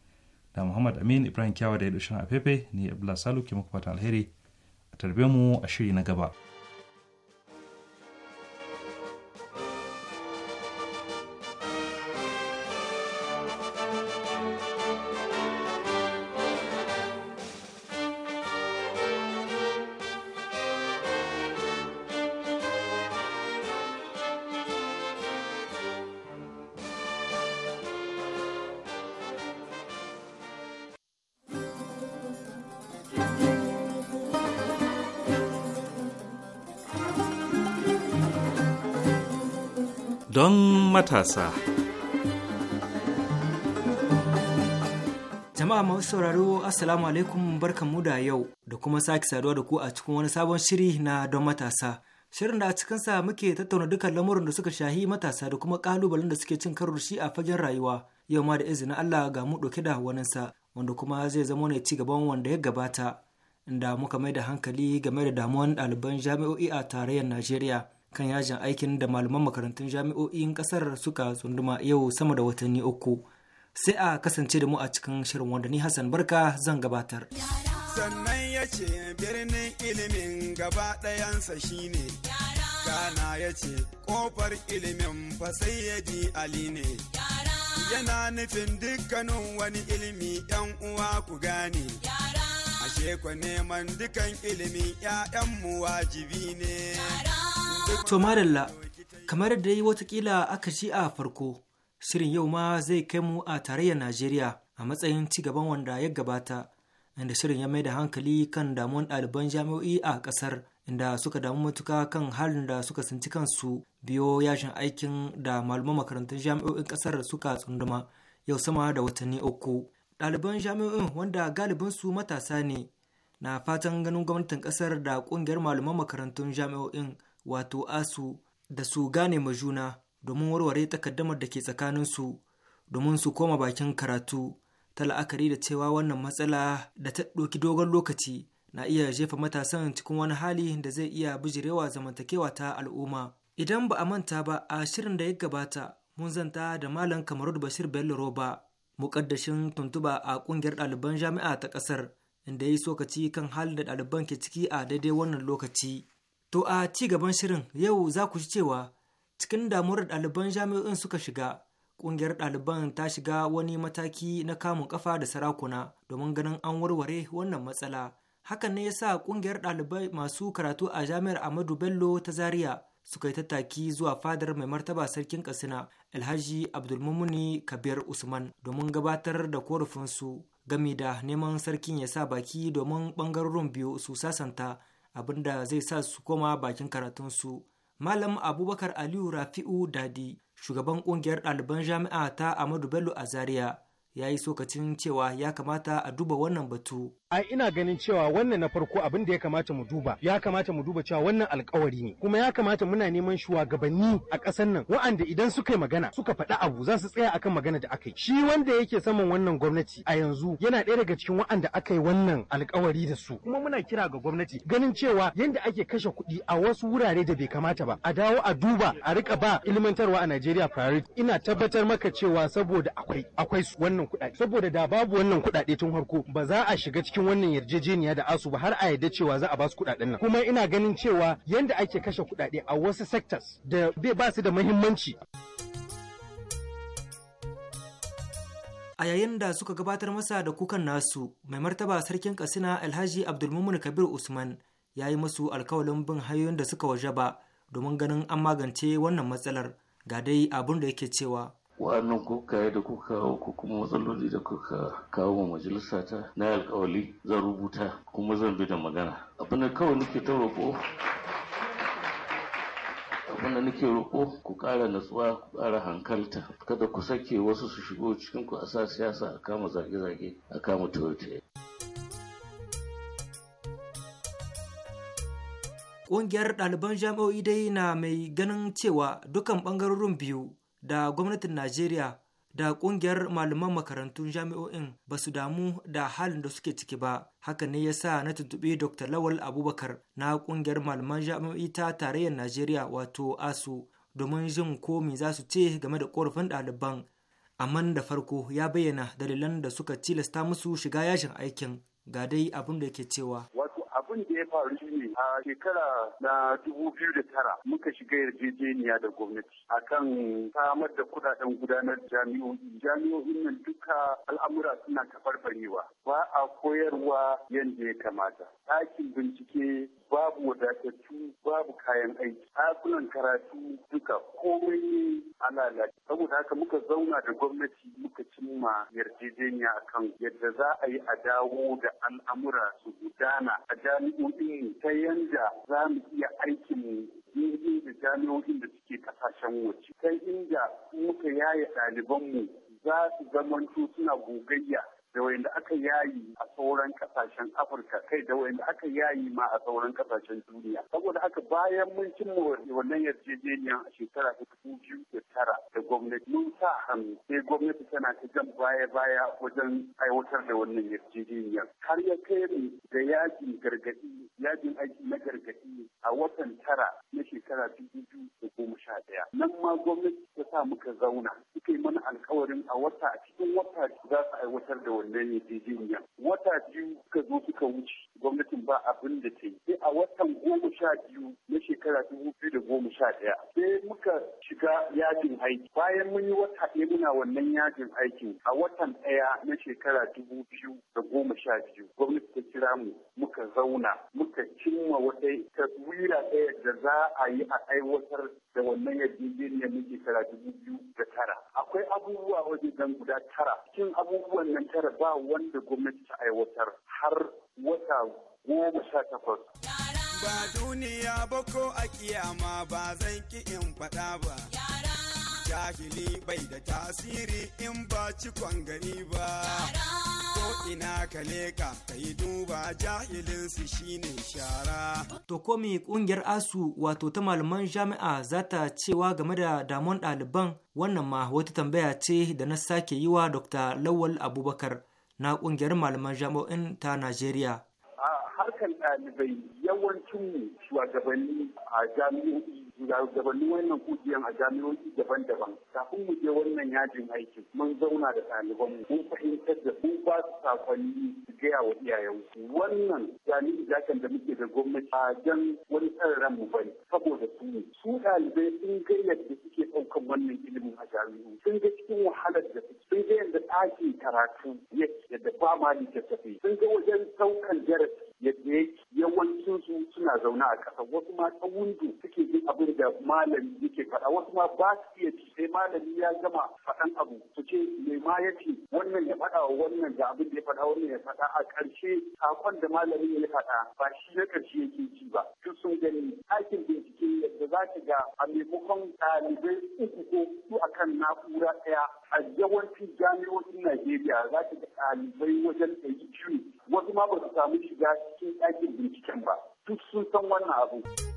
Speaker 3: da muhammad amin ibrahim kyawa da ya dushin a fefe ni abdullahi salu ke muku fatan alheri a tarbe mu a shiri na gaba. matasa.
Speaker 7: Jama'a masu sauraro Assalamu alaikum barkanmu da yau da kuma sake saduwa da ku a cikin wani sabon shiri na don matasa. Shirin da a cikinsa muke tattauna dukkan lamurin da suka shahi matasa da kuma kalubalen da suke cin karo shi a fagen rayuwa. Yau ma da izinin Allah ga mu ɗauke da waninsa wanda kuma zai zama ne ci gaban wanda ya gabata. Inda muka mai da hankali game da damuwan ɗaliban jami'o'i a tarayyar Najeriya. kan yajin aikin da malaman makarantun jami'o'in kasar suka tsunduma yau sama da watanni uku sai a kasance da mu a cikin shirin wanda ni hassan barka zan gabatar
Speaker 8: sannan ya ce birnin ilimin gaba ɗayansa shine gana ya ce ƙofar ilimin fasayyadi ali ne yana nufin dukkanin wani ilimi yan uwa ku gane ashe ku neman dukan ilimin mu wajibi ne.
Speaker 7: To madalla, kamar da yi watakila aka ci a farko, shirin yau ma zai kai mu a tarayyar Najeriya a matsayin ci gaban wanda ya gabata, inda shirin ya mai da hankali kan damuwan ɗaliban jami'o'i a ƙasar, inda suka damu matuka kan halin da suka sinci kansu biyo yashin aikin da malaman makarantun jami'o'in ƙasar suka tsunduma yau sama da watanni uku. ɗaliban jami'o'in wanda galibinsu matasa ne na fatan ganin gwamnatin ƙasar da ƙungiyar malaman makarantun jami'o'in wato asu da su gane ma juna domin warware takaddamar da ke tsakanin su domin su koma bakin karatu ta la'akari da cewa wannan matsala da ta ɗauki dogon lokaci na iya jefa matasan cikin wani hali da zai iya bijirewa zamantakewa ta al'umma idan ba a manta ba a shirin da ya gabata mun zanta da malam kamarud bashir bello roba mukaddashin tuntuba a ƙungiyar ɗaliban jami'a ta ƙasar inda ya yi sokaci kan halin da ɗaliban ke ciki a daidai wannan lokaci to a ci gaban shirin yau za ku ci cewa cikin damuwar da ɗaliban jami'o'in suka shiga ƙungiyar ɗaliban ta shiga wani mataki na kamun ƙafa da sarakuna domin ganin an warware wannan matsala hakan ne ya sa ƙungiyar ɗalibai masu karatu a jami'ar ahmadu bello ta zaria suka yi tattaki zuwa fadar mai martaba sarkin kasina alhaji abdulmumuni kabir usman domin gabatar da korafinsu gami da neman sarkin ya sa baki domin ɓangarorin biyu su sasanta abinda zai sa su koma bakin karatunsu malam abubakar aliyu rafi'u dadi shugaban ƙungiyar ɗaliban jami'a ta amadu bello a zaria ya yi sokacin cewa ya kamata a duba wannan batu ai ina ganin cewa
Speaker 9: wannan na farko abin da ya kamata mu duba ya kamata mu duba cewa wannan alkawari ne kuma ya kamata muna neman shugabanni a ƙasar nan wa'anda idan suka yi magana suka faɗi abu za su tsaya akan magana da aka yi shi wanda yake saman wannan gwamnati a yanzu yana ɗaya daga cikin wa'anda aka yi wannan alkawari da su kuma muna kira ga gwamnati ganin cewa yanda ake kashe kuɗi a wasu wurare da bai kamata ba a dawo a duba a rika ba ilmantarwa a Najeriya priority ina tabbatar maka cewa saboda akwai akwai wannan kuɗaɗe saboda da babu wannan kuɗaɗe tun harko ba za a shiga cikin cikin wannan yarjejeniya da asu ba har a yadda cewa za a ba su kuɗaɗen nan kuma ina ganin cewa yanda ake kashe kuɗaɗe a wasu sectors da bai ba su da muhimmanci
Speaker 7: a yayin da suka gabatar masa da kukan nasu mai martaba sarkin kasina alhaji abdulmumun kabir usman ya yi masu alkawalin bin hanyoyin da suka waje ba domin ganin an magance wannan matsalar ga dai abin da yake cewa
Speaker 10: wa'annan kukaye da kuka kawo ko kuma matsaloli da kuka kawo wa majalisa ta na alkawali zan rubuta kuma zan bi da magana abin da kawai nake ta roƙo abinda nake roƙo ku ƙara natsuwa ku ƙara hankalta kada ku sake wasu su shigo cikin ku a sa siyasa
Speaker 7: a kama zage-zage
Speaker 10: a kama tawaye
Speaker 7: Ƙungiyar ɗaliban jami'o'i dai na mai ganin cewa dukan ɓangarorin biyu da gwamnatin Najeriya da kungiyar malaman makarantun jami'o'in ba su damu da halin da suke ciki ba haka ne ya sa na tuntuɓi dr lawal abubakar na kungiyar malaman jami'o'i ta tarayyar najeriya wato asu domin jin komi me za su ce game da korafin ɗaliban amma da farko ya bayyana dalilan da suka tilasta musu shiga yashin aikin ga dai abin da ke cewa
Speaker 11: abin da ya faru ne a shekara na dubu biyu da tara muka shiga yarjejeniya da gwamnati akan samar da kudaden gudanar jami'o'i jami'o'in nan duka al'amura suna tafarfarewa ba a koyarwa yadda ya kamata ɗakin bincike babu wadatattu babu kayan aiki ɗakunan karatu duka komai ne a lalace saboda haka muka zauna da gwamnati muka cimma yarjejeniya akan yadda za a yi a dawo da al'amura su gudana a jami'o'in ta yanda za mu iya aikin jirgin da jami'o'in da suke kasashen waje ta inda muka yaya ɗalibanmu za su zamanto suna gogayya da wayanda aka yayi a sauran kasashen Afirka kai da wayanda aka yayi ma a sauran kasashen duniya saboda aka bayan mun cimma wannan yarjejeniya a shekara ta biyu da tara da gwamnati mun sa hannu sai gwamnati tana ta jan baya baya wajen aiwatar da wannan yarjejeniyar har ya kai ni da yajin gargadi yajin aiki na gargadi a watan tara na shekara dubu biyu da goma sha ɗaya nan ma gwamnati ta sa muka zauna suka yi mana alkawarin a wata a cikin wata za su aiwatar da wannan zai je jinya wata biyu ka zo suka wuce gwamnatin ba abin da ta yi sai a watan goma sha biyu na shekara dubu biyu da goma sha ɗaya sai muka shiga yajin aiki bayan mun yi wata ɗaya muna wannan yajin aiki. a watan ɗaya na shekara dubu biyu da goma sha biyu gwamnati ta kira mu muka zauna muka cimma wata taswira ɗaya da za a yi a aiwatar da wannan yarjejeniya na shekara dubu biyu da tara akwai abubuwa wajen guda tara cikin abubuwan nan tara ba wanda gwamnati ta aiwatar har wata goma sha
Speaker 8: takwas. Ba duniya ba ko a kiyama ba zan ki in faɗa ba. jahili bai da tasiri in ba cikon gani ba ko ina ka leka ka yi duba jahilin su shine
Speaker 7: shara to ko kungiyar asu wato ta malaman jami'a za ta cewa game da damon ɗaliban wannan ma wata tambaya ce da na sake yi wa dr lawal abubakar na kungiyar malaman jami'o'in ta najeriya
Speaker 11: harkar ɗalibai yawancin shugabanni a jami'o'i dabanni wannan kungiyan a jami'o'i daban-daban kafin mu je wannan yajin aikin mun zauna da ɗaliban mun fahimtar da mun ba su sakonni su gaya wa iyayen wannan jami'i jakan da muke da gwamnati a jan wani tsararren mu bane saboda su ne su ɗalibai sun ga yadda suke ɗaukan wannan ilimin a jami'u sun ga cikin wahalar da sun ga yadda ɗakin karatu yadda ba ma littattafai sun ga wajen saukan darasi yadda yawancin su suna zaune a ƙasa wasu ma ta wundu suke jin abin da malami yake faɗa wasu ma ba su iya ci sai malami ya gama faɗan abu su ce mai ma ya ce wannan ya faɗa wa wannan da abin da ya faɗa wannan ya faɗa a ƙarshe sakon da malami ya faɗa ba shi na ƙarshe yake ci ba duk sun gani aikin bincike yadda za ki ga a maimakon ɗalibai uku ko su akan na'ura ɗaya a yawancin jami'o'in Najeriya za ki ga ɗalibai wajen ɗari biyu wasu ma ba su samu shiga cikin ɗakin binciken ba duk sun san wannan abu.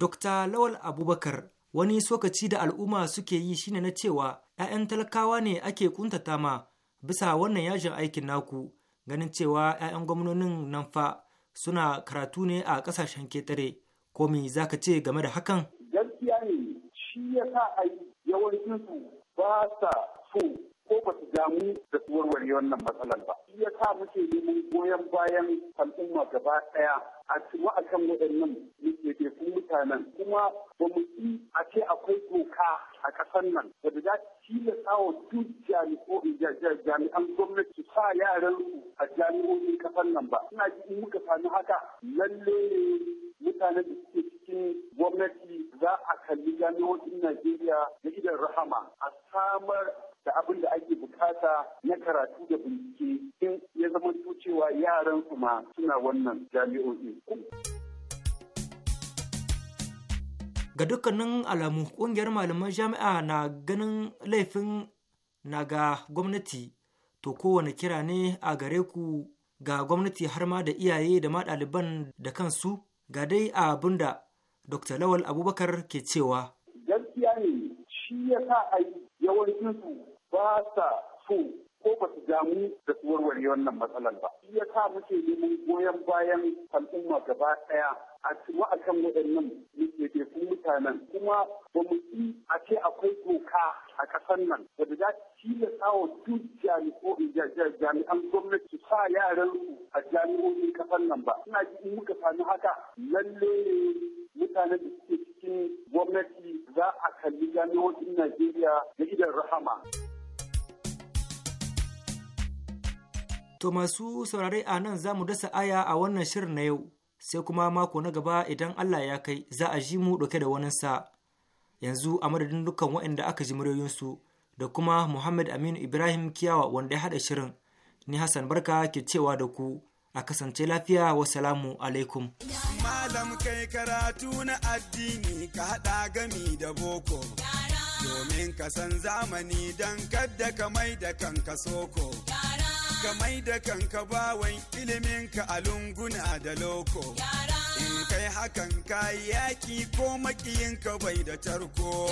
Speaker 7: Dokta Lawal Abubakar wani sokaci da al'umma suke yi shine na cewa 'ya'yan talakawa ne ake kuntata ma bisa wannan yajin aikin naku ganin cewa 'ya'yan gwamnonin nan fa suna karatu ne a ƙasashen ketare ko me za ka ce game da hakan?
Speaker 11: Gaskiya ne shi ya sa a yawancinsu ba sa so ko ba su damu da warware wannan matsalar ba. Shi ya sa muke neman goyon bayan al'umma gaba ɗaya a akan a kan waɗannan ɗaiɗaikun mutanen kuma ba mu yi a ce akwai doka a ƙasar nan wadda za ta tilasta wa duk jami'an gwamnati sa yaran su a jami'o'in ƙasar nan ba. Ina ji in muka sami haka lalle ne mutanen da suke cikin gwamnati za a kalli jami'o'in Najeriya da idan rahama a samar da abin da ake bukata na karatu da bincike in ya zama cewa yaran su ma suna wannan jami'o'i.
Speaker 7: Ga dukkanin alamu ƙungiyar malaman jami'a na ganin laifin na ga gwamnati to kowane kira ne a gare ku ga gwamnati har ma da iyaye da ma ɗaliban da kansu ga dai abin da Dr. Lawal Abubakar ke cewa.
Speaker 11: Gaskiya ne shi ya sa a yawancinsu ba sa so ko ba su damu da su warware wannan matsalar ba. Shi ya sa muke neman goyon bayan al'umma gaba ɗaya a cima a kan waɗannan mutum mutanen kuma ba mu yi a ce akwai doka a ƙasar nan wadda za ta tilasta wa duk jami'an gwamnati su sa yaran su a jami'o'in ƙasar nan ba. Ina ji in muka sami haka lalle ne mutanen da suke cikin gwamnati za a kalli jami'o'in Najeriya da idan rahama.
Speaker 7: To masu saurare a nan za mu dasa aya a wannan shirin na yau, sai kuma mako na gaba idan Allah ya kai za a ji mu ɗauke da waninsa. Yanzu a madadin dukkan waɗanda aka ji muryoyinsu da kuma Muhammad Aminu Ibrahim Kiyawa wanda ya haɗa shirin. Ni Hassan Barka ke cewa da ku a kasance lafiya salamu alaikum.
Speaker 8: Malam kai karatu na addini ka haɗa gami da boko. Domin ka zamani don kadda ka mai da kanka soko. Yara. ka mai da kanka bawan iliminka a lunguna da loko in kai hakan ka yaki ko makiyinka bai da tarko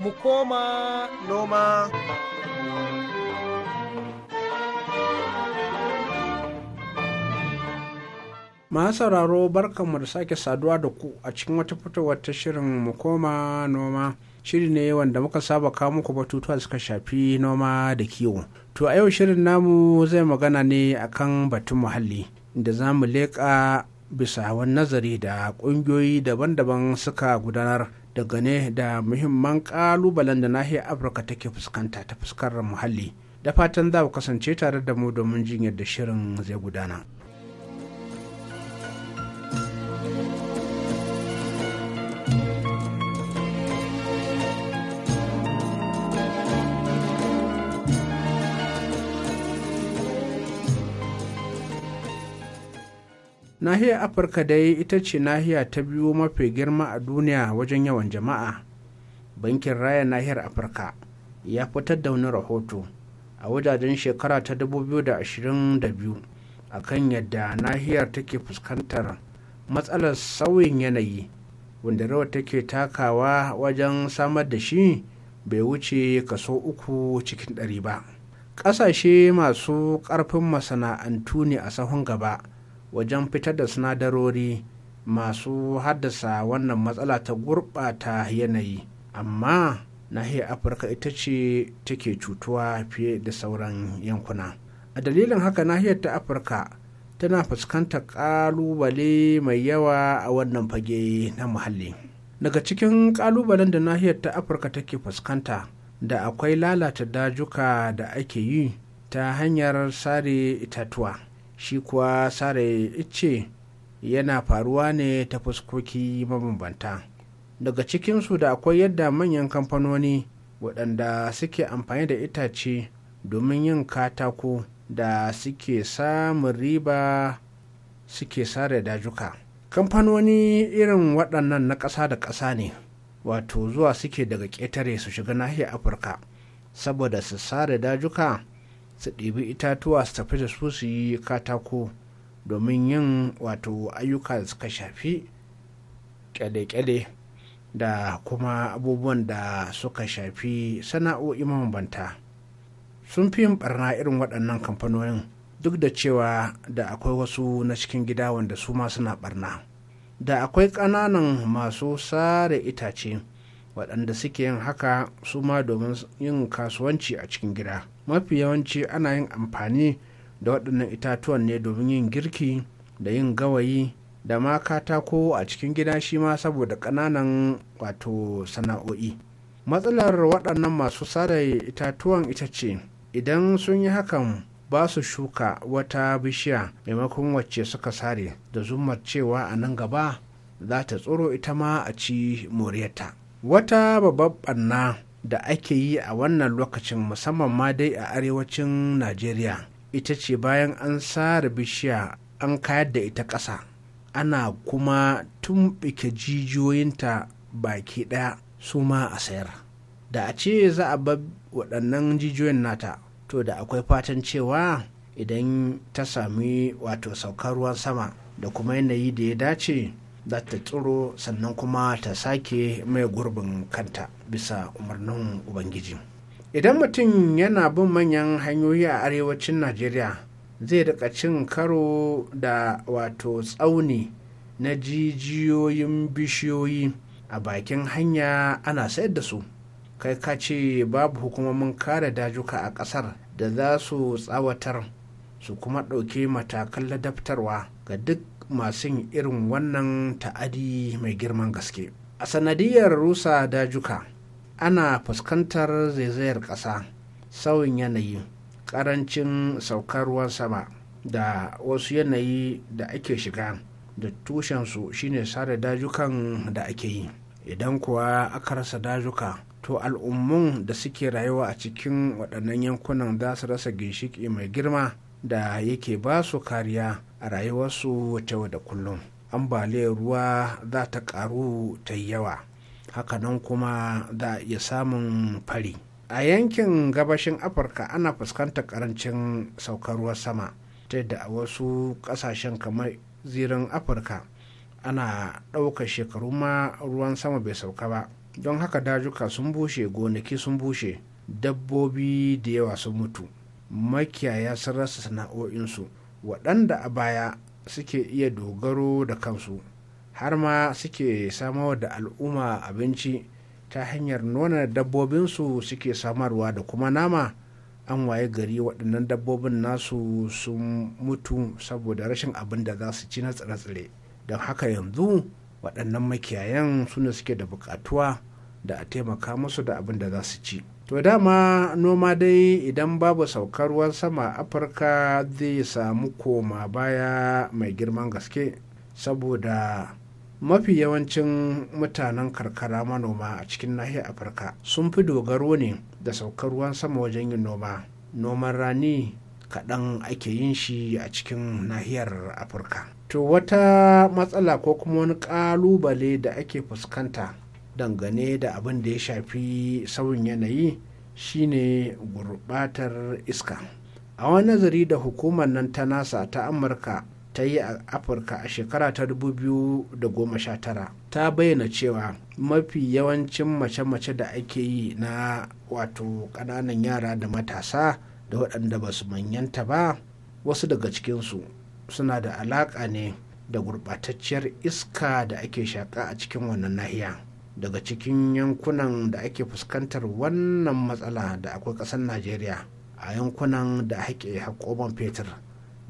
Speaker 12: mu koma noma
Speaker 5: masu sauraro barkanmu da sake saduwa da ku a cikin wata fitowar ta shirin mu koma noma shiri ne wanda muka saba kawo muku batutuwa suka shafi noma da kiwo to a yau shirin namu zai magana ne akan batun muhalli da za mu leƙa bisa wani nazari da ƙungiyoyi daban-daban suka gudanar ne da muhimman ƙalubalen da nahiyar afirka take fuskanta ta fuskar muhalli da fatan za ku kasance tare da mu domin jin yadda shirin zai gudana. nahiyar afirka dai ita ce nahiya ta biyu mafi girma a duniya wajen yawan jama'a bankin raya nahiyar afirka ya fitar da wani rahoto a wajajen shekara ta 2022 kan yadda nahiyar take fuskantar matsalar sauyin yanayi wanda rawa take takawa wajen samar da shi bai wuce kaso uku cikin ɗari ba ƙasashe masu ƙarfin masana'antu ne a sahun gaba wajen fitar da sinadarori masu haddasa wannan matsala ta gurɓata yanayi amma nahiyar afirka ita ce take cutuwa fiye da sauran yankuna a dalilin haka nahiyar ta afirka tana fuskantar ƙalubale mai yawa a wannan fage na muhalli daga cikin ƙalubalen da nahiyar ta afirka take fuskanta da akwai lalata dajuka da ake yi ta hanyar sare itatuwa shi kuwa sare ice yana faruwa ne ta fuskoki mabambanta daga cikinsu da akwai yadda manyan kamfanoni waɗanda suke amfani da itace domin yin katako da suke samun riba suke sare dajuka kamfanoni irin waɗannan na ƙasa da ƙasa ne wato zuwa suke daga ƙetare su shiga nahiyar afirka saboda su sare dajuka su ɗibi itatuwa su tafi da su su yi katako domin yin wato ayyuka da suka shafi kyale-kyale da kuma abubuwan da suka shafi sana'o'i mabambanta sun fi yin barna irin waɗannan kamfanonin duk da cewa da akwai wasu na cikin gida wanda su ma suna barna da akwai ƙananan masu sare itace waɗanda suke yin haka su ma domin yin kasuwanci a cikin gida mafi yawanci ana yin amfani da waɗannan itatuwan ne domin yin girki da yin gawayi da ma katako a cikin gida shi ma saboda ƙananan wato sana'o'i matsalar waɗannan masu sada itatuwan ita ce idan sun yi hakan ba su shuka wata bishiya maimakon wacce suka sare da zumar cewa a nan gaba za ta tsoro ita ma a ci moriyarta wata babban ɓanna da ake yi a wannan lokacin musamman ma dai a arewacin najeriya ita ce bayan an sare bishiya an kayar da ita ƙasa ana kuma tumɓike jijiyoyinta baki ɗaya su ma a sayar da a ce za a bar waɗannan jijiyoyin nata to da akwai fatan cewa idan ta sami wato saukar ruwan sama da kuma yanayi da ya dace za ta tsiro sannan kuma ta sake mai gurbin kanta bisa umarnin ubangiji idan mutum yana bin manyan hanyoyi a arewacin najeriya zai rika cin karo da wato tsauni na jijiyoyin bishiyoyi a bakin hanya ana sayar da su kai ka ce babu hukumomin kare dajuka a ƙasar da za su tsawatar su kuma ɗauki matakan ladabtarwa ga duk masu irin wannan ta'adi mai girman gaske a sanadiyar rusa dajuka ana fuskantar zaizayar ƙasa sauyin yanayi ƙarancin saukar ruwan sama da wasu yanayi da ake shiga da tushensu shine sare dajukan da ake yi idan kuwa aka rasa dajuka to al'ummun da suke rayuwa a cikin waɗannan yankunan za su rasa ginshiki mai girma da yake ba su kariya a rayuwarsu ta da kullum ambaliyar ruwa za ta ƙaru ta yawa hakanan kuma da ya iya samun fari a yankin gabashin afirka ana fuskantar karancin saukar ruwan sama ta yadda a wasu kasashen kamar zirin afirka ana ɗaukar shekaru ma ruwan sama bai sauka ba don haka dajuka sun bushe gonaki sun bushe dabbobi da yawa sun mutu makiyaya sun rasa sana'o'insu waɗanda a baya suke iya dogaro da kansu har ma suke samarwa da al'umma abinci ta hanyar nuna dabbobinsu suke samarwa da kuma nama an waye gari waɗannan dabbobin nasu sun mutu saboda rashin abin da za su ci na tsire-tsire don haka yanzu waɗannan makiyayan su suke da buƙatuwa da a taimaka musu da abin da za su ci to dama noma dai idan babu saukar ruwan sama afirka zai samu koma baya mai girman gaske saboda mafi yawancin mutanen karkara manoma a cikin nahiyar afirka sun fi dogaro ne da saukar ruwan sama wajen yin noma noman rani kaɗan ake yin shi a cikin nahiyar afirka to wata matsala ko kuma wani ƙalubale da ake fuskanta dangane da abin da ya shafi sauyin yanayi shine gurbatar iska a wani nazari da hukumar nan ta nasa ta amurka ta yi a afirka a shekara ta 2019 ta bayyana cewa mafi yawancin mace-mace da ake yi na wato ƙananan yara da matasa da waɗanda ba su manyanta ba wasu daga cikinsu suna da alaƙa ne da gurɓatacciyar iska da ake shaƙa a cikin wannan nahiya daga cikin yankunan da ake fuskantar wannan matsala da akwai ƙasar najeriya a yankunan da haƙe haƙoban fetur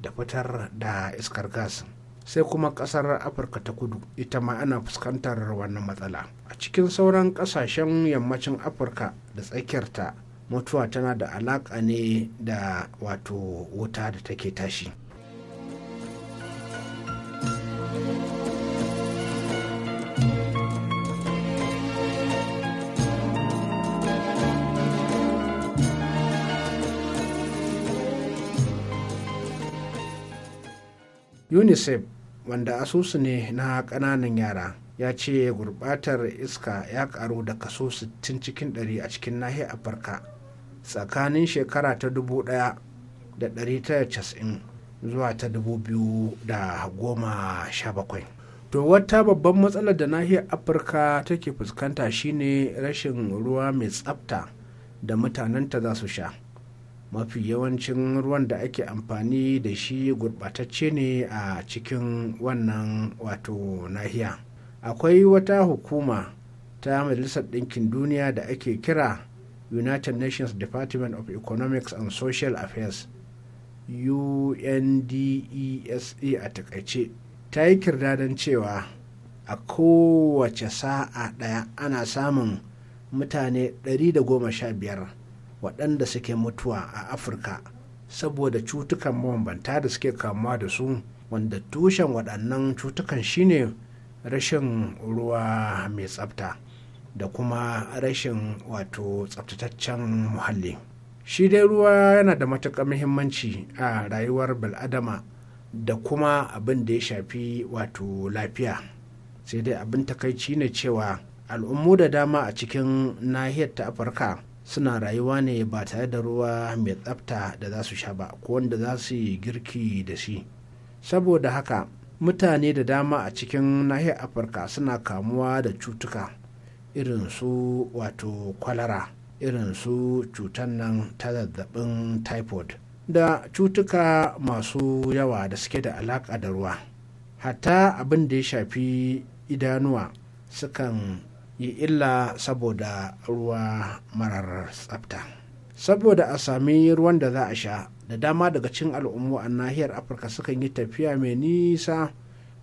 Speaker 5: da fitar da iskar gas sai kuma kasar afirka ta kudu ita ma ana fuskantar wannan matsala a cikin sauran kasashen yammacin afirka da tsakiyarta mutuwa tana da alaƙa ne da wato wuta da take tashi unicef wanda asusu ne na kananan yara ya ce gurbatar iska ya karu da kaso 60 cikin 100 a cikin nahiyar afirka tsakanin shekara ta 1990 zuwa ta 2017 to wata babban matsalar da nahiyar afirka take fuskanta shine rashin ruwa mai tsabta da mutanenta za su sha mafi yawancin ruwan da ake amfani da shi gurɓatacce ne a cikin wannan wato nahiya akwai wata hukuma ta majalisar ɗinkin duniya da ake kira united nations department of economics and social affairs undesa e a takaice ta yi kirdadan cewa a kowace sa'a ɗaya ana samun mutane 115 waɗanda suke mutuwa a afirka saboda cutukan mabambanta da suke kamuwa da su wanda tushen waɗannan cutukan shine rashin ruwa mai tsafta da kuma rashin wato tsaftataccen muhalli shi dai ruwa yana da matuƙar muhimmanci a rayuwar bil'adama da kuma abin da ya shafi wato lafiya sai dai abin takaici ne cewa al'ummu da dama a cikin nahiyar ta afirka suna rayuwa ne ba tare da ruwa mai tsafta da za su sha ba ko wanda za su yi girki da shi saboda haka mutane da dama a cikin nahiyar afirka suna kamuwa da cutuka irin su wato kwalara irin su cutar nan ta zazzabin typhoid da cutuka masu yawa da suke da alaƙa da ruwa hatta abin da ya shafi idanuwa sukan yi illa saboda ruwa marar tsafta saboda a sami ruwan da za a sha da dama daga cin al'ummu a nahiyar afirka sukan yi tafiya mai nisa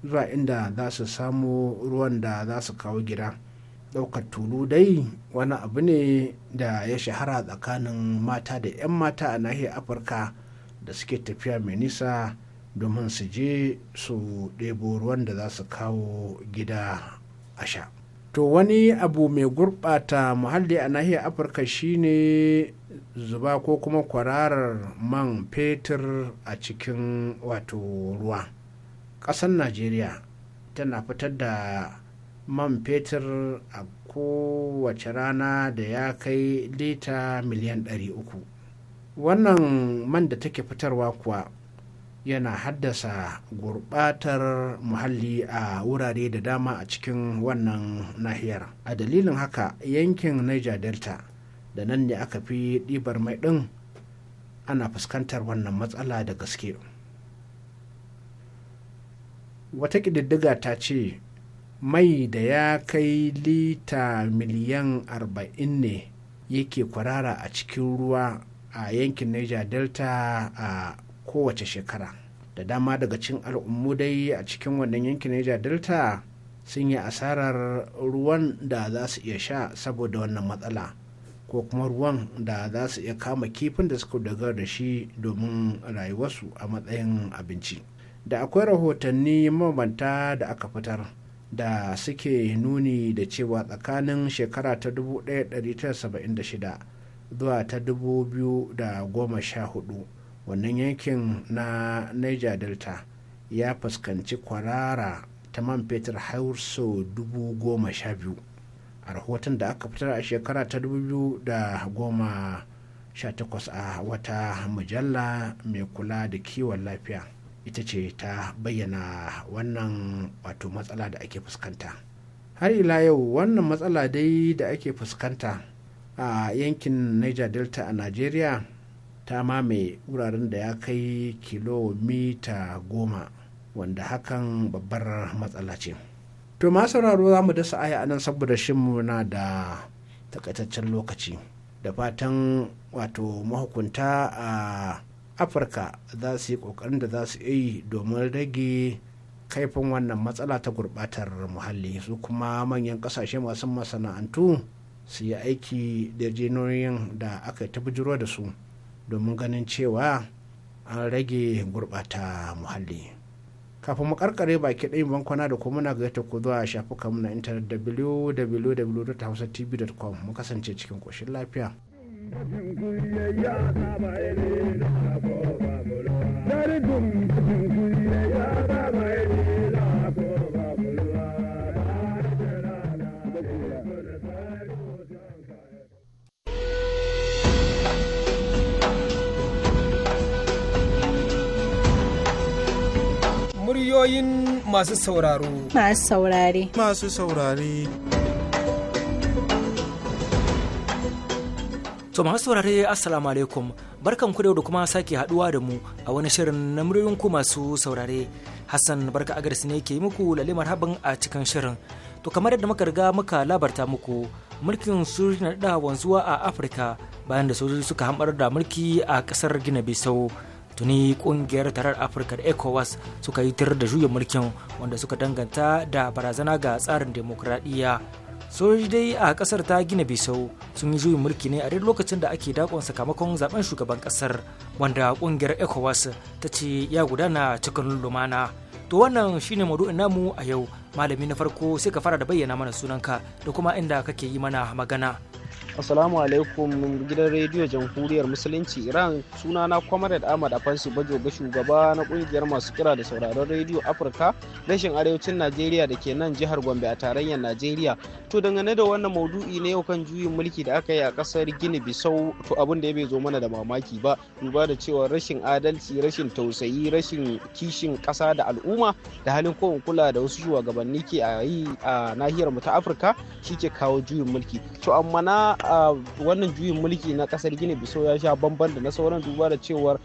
Speaker 5: zuwa inda za su samu ruwan da za su kawo gida ɗaukar tulu dai wani abu ne da ya shahara tsakanin mata da 'yan mata a nahiyar afirka da suke tafiya mai nisa domin su je su ɗebo ruwan da za su kawo gida a sha to wani abu mai gurɓata muhalli a nahiyar afirka shine zuba ko kuma kwararar man fetur a cikin wato ruwa ƙasar najeriya tana fitar da man fetur a kowace rana da ya kai lita miliyan 300 wannan man da take fitarwa kuwa yana haddasa gurbatar muhalli a wurare da dama a cikin wannan nahiyar a dalilin haka yankin niger delta da nan ne aka fi ɗibar mai ɗin ana fuskantar wannan matsala da gaske wata ƙididdiga ta ce mai da ya kai lita miliyan 40 ne yake kwarara a cikin ruwa a yankin niger delta a kowace shekara da dama daga cin al'ummu dai a cikin wannan yankin Niger Delta sun yi asarar ruwan da za su iya sha saboda wannan matsala ko kuma ruwan da za su iya kama kifin da suka dogara da shi domin rayuwarsu a matsayin abinci da akwai rahotanni mabanta da aka fitar da suke nuni da cewa tsakanin shekara ta 1976 zuwa ta 2014 wannan yankin na niger delta ya fuskanci kwarara ta man fetur har sau dubu goma sha biyu a rahoton da aka fitar a shekara ta dubu biyu da goma sha takwas a wata mujalla mai kula da kiwon lafiya ita ce ta bayyana wannan wato matsala da ake fuskanta har ila yau wannan matsala dai da ake fuskanta a yankin niger delta a nigeria ta mamaye wuraren da ya kai kilomita goma wanda hakan babbar matsala ce to ma sauraro za mu dasa aya nan saboda shinmu na da takaitaccen lokaci da fatan wato mahukunta a afirka za su yi kokarin da za su yi domin rage kaifin wannan matsala ta gurbatar muhalli su kuma manyan kasashe masu masana'antu su yi aiki da jinoyin da aka ta bujiro da su domin ganin cewa an rage gurɓata muhalli kafin mu karkare baki ɗayin bankwana da kuma muna gaita ku zuwa mu na intanet www.hausatv.com mu kasance cikin ƙoshin lafiya. Dari
Speaker 13: Muryoyin masu sauraro.
Speaker 4: Masu
Speaker 6: saurare. Masu saurare.
Speaker 7: To masu saurare Assalamu alaikum. Barkan ku da kuma sake haduwa da mu a wani shirin na muryoyin masu saurare. Hassan barka agarsi ne ke muku lalle marhaban a cikin shirin. To kamar yadda muka riga muka labarta muku mulkin sojoji na da wanzuwa a Afirka bayan da sojoji suka hamar da mulki a kasar Gina Bisau. tuni kungiyar tarar afirka da ecowas suka yi tir da juyin mulkin wanda suka danganta da barazana ga tsarin demokradiyya sojoji dai a kasar ta gina bisau sun yi juyin mulki ne a duk lokacin da ake dakon sakamakon zaben shugaban kasar wanda kungiyar ecowas ta ce ya gudana cikin lumana to wannan shine maudu'in namu a yau malami na farko sai ka fara da bayyana mana sunanka da kuma inda kake yi mana magana Assalamu
Speaker 14: alaikum gidan rediyo jamhuriyar musulunci Iran suna na Comrade Ahmad Afansu Bajo ga shugaba na kungiyar masu kira da sauraron rediyo Afirka rashin arewacin Najeriya da ke nan jihar Gombe a tarayyar Najeriya. To dangane da wannan maudu'i ne yau kan juyin mulki da aka yi a kasar Gini Bisau to abin da ya bai zo mana da mamaki ba duba da cewa rashin adalci rashin tausayi rashin kishin ƙasa da al'umma da halin ko kula da wasu shugabanni ke a yi a nahiyar mu ta Afirka shi ke kawo juyin mulki. To amma na a wannan juyin mulki na kasar gini biso ya sha bamban da na sauran duba da cewar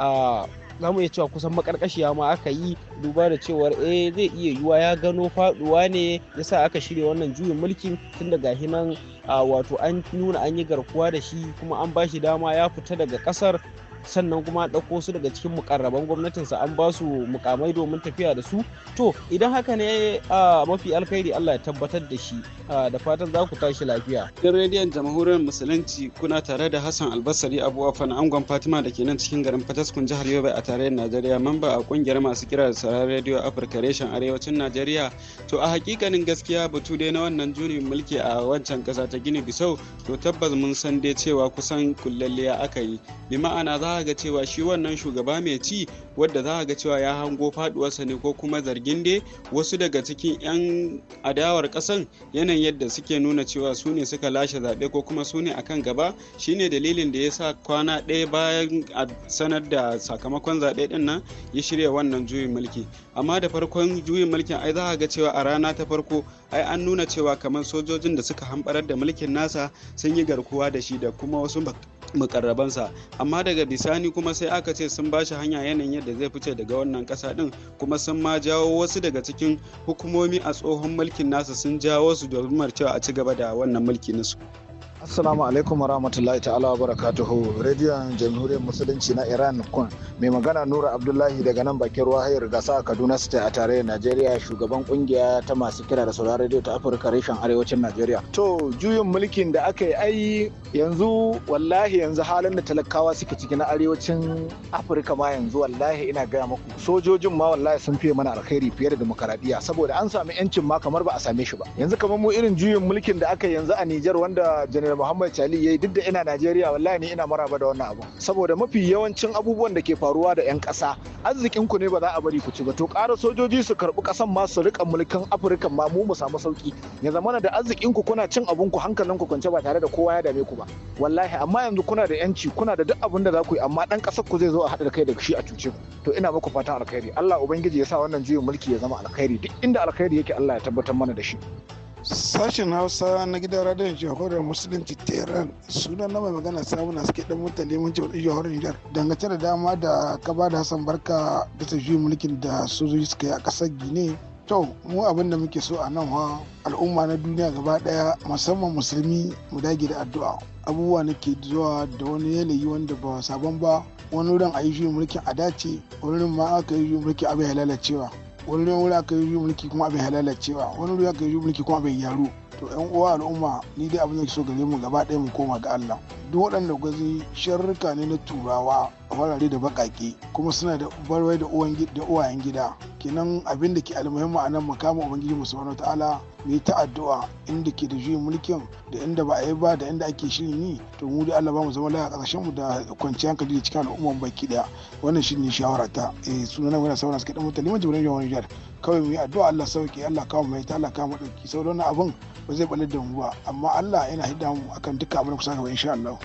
Speaker 14: a za mu iya cewa kusan makarkashiya ma aka yi duba da cewar eh zai iya yiwuwa ya gano faduwa ne ya sa aka shirya wannan juyin mulkin tun daga hinan wato an nuna an yi garkuwa da shi kuma an ba shi dama ya fita daga kasar sannan kuma ɗauko su daga cikin mukarraban gwamnatinsa an ba su mukamai domin tafiya da su to idan haka ne a mafi alkhairi Allah ya tabbatar da shi da fatan za ku tashi lafiya.
Speaker 15: da rediyon jamhuriyar musulunci kuna tare da Hassan Albasari Abu Afan Angon Fatima da ke nan cikin garin Fataskun jihar Yobe a tare tarayyar Najeriya mamba a kungiyar masu kira da rediyo Afirka reshen arewacin Najeriya to a hakikanin gaskiya batu dai na wannan juni mulki a wancan kasa ta Gini Bisau to tabbas mun san dai cewa kusan kullalliya aka yi bi ma'ana za za ga cewa shi wannan shugaba mai ci wadda za a ga cewa ya hango faduwarsa ne ko kuma zargin dai wasu daga cikin 'yan adawar kasan yanayin yadda suke nuna cewa su ne suka lashe zaɓe ko kuma su ne kan gaba shine dalilin da ya sa kwana ɗaya bayan a sanar da sakamakon zaɓe ɗin nan ya shirya wannan juyin mulki amma da farkon juyin mulkin ai za a ga cewa a rana ta farko ai an nuna cewa kamar sojojin da suka hambarar da mulkin nasa sun yi garkuwa da shi da kuma wasu mukarrabansa amma daga bisani kuma sai aka ce sun bashi hanya yanayin yadda zai fice daga wannan kasa din kuma sun ma jawo wasu daga cikin hukumomi a tsohon mulkin nasa sun jawo su domin cewa a ci gaba da wannan mulki nasu. Assalamu
Speaker 16: alaikum warahmatullahi ta'ala wa barakatuhu. Radiyon Jamhuriyar Musulunci na Iran kun mai magana Nura Abdullahi daga nan bakin ruwa hayar gasa a Kaduna State a tare Najeriya shugaban kungiya ta masu kira da saurar rediyo ta Afirka reshen arewacin Najeriya. To juyin mulkin da aka yi ai yanzu wallahi yanzu halin da talakawa suke ciki na arewacin Afirka ma yanzu wallahi ina gaya muku sojojin ma wallahi sun fiye mana alkhairi fiye da demokaradiyya saboda an sami yancin ma kamar ba a same shi ba. Yanzu kamar mu irin juyin mulkin da aka yanzu a Nijar wanda General Muhammad Chali yayi duk da ina Najeriya wallahi ne ina maraba da wannan abu saboda mafi yawancin abubuwan da ke faruwa da 'yan kasa arzikin ku ne ba za a bari ku ci ba to ƙara sojoji su karɓi ƙasan ma su rika mulkin Afirka ma mu mu samu sauki ya zama da arzikin ku kuna cin abun ku hankalin ku kwance ba tare da kowa ya dame ku ba wallahi amma yanzu kuna da yanci kuna da duk abin da za ku yi amma dan kasar ku zai zo a haɗa kai da shi a cuce ku to ina muku fatan alkhairi Allah ubangiji ya sa wannan juyin mulki ya zama alkhairi duk inda alkhairi yake Allah ya tabbatar mana da shi
Speaker 17: Sashen Hausa na gidan radiyon da Musulunci Tehran suna na mai magana na suke dan mutane mun wadda jihohorar Nijar dangance da dama da ka ba da Hassan Barka da ta mulkin da su sojoji suka yi a kasar Gine. To, mu abin da muke so a nan wa al'umma na duniya gaba daya musamman musulmi mu dage da addu'a. Abubuwa na ke zuwa da wani yanayi wanda ba sabon ba wani wurin a yi mulkin a dace wani ma aka yi mulkin abin ya lalacewa. wani wuri aka yi mulki kuma abin halalacewa wani wuri aka yi mulki kuma abin gyaru to yan uwa al'umma ni dai abin da so gare mu gaba ɗaya mu koma ga Allah duk waɗanda gwazi sharrika ne na turawa farare da baƙaƙe kuma suna da barwai da uwayen gida kenan abin da ke almuhimmi a nan mu ubangiji musamman ta'ala mu yi ta addu'a inda ke da juyin mulkin da inda ba a yi ba da inda ake shirin yi to mu da Allah ba mu zama lafiya kasashen mu da kwanciyar hankali da cikin al'umman baki daya wannan ne shawara ta eh sunan wani sauran suka dan mutane mun jibrin jawon jihar kawai mu yi addu'a Allah sauke Allah kawo mai ta Allah kawo mu dauki sauran abun ba zai balle da mu ba amma Allah yana hidda mu akan duka abin da kusa ga insha Allah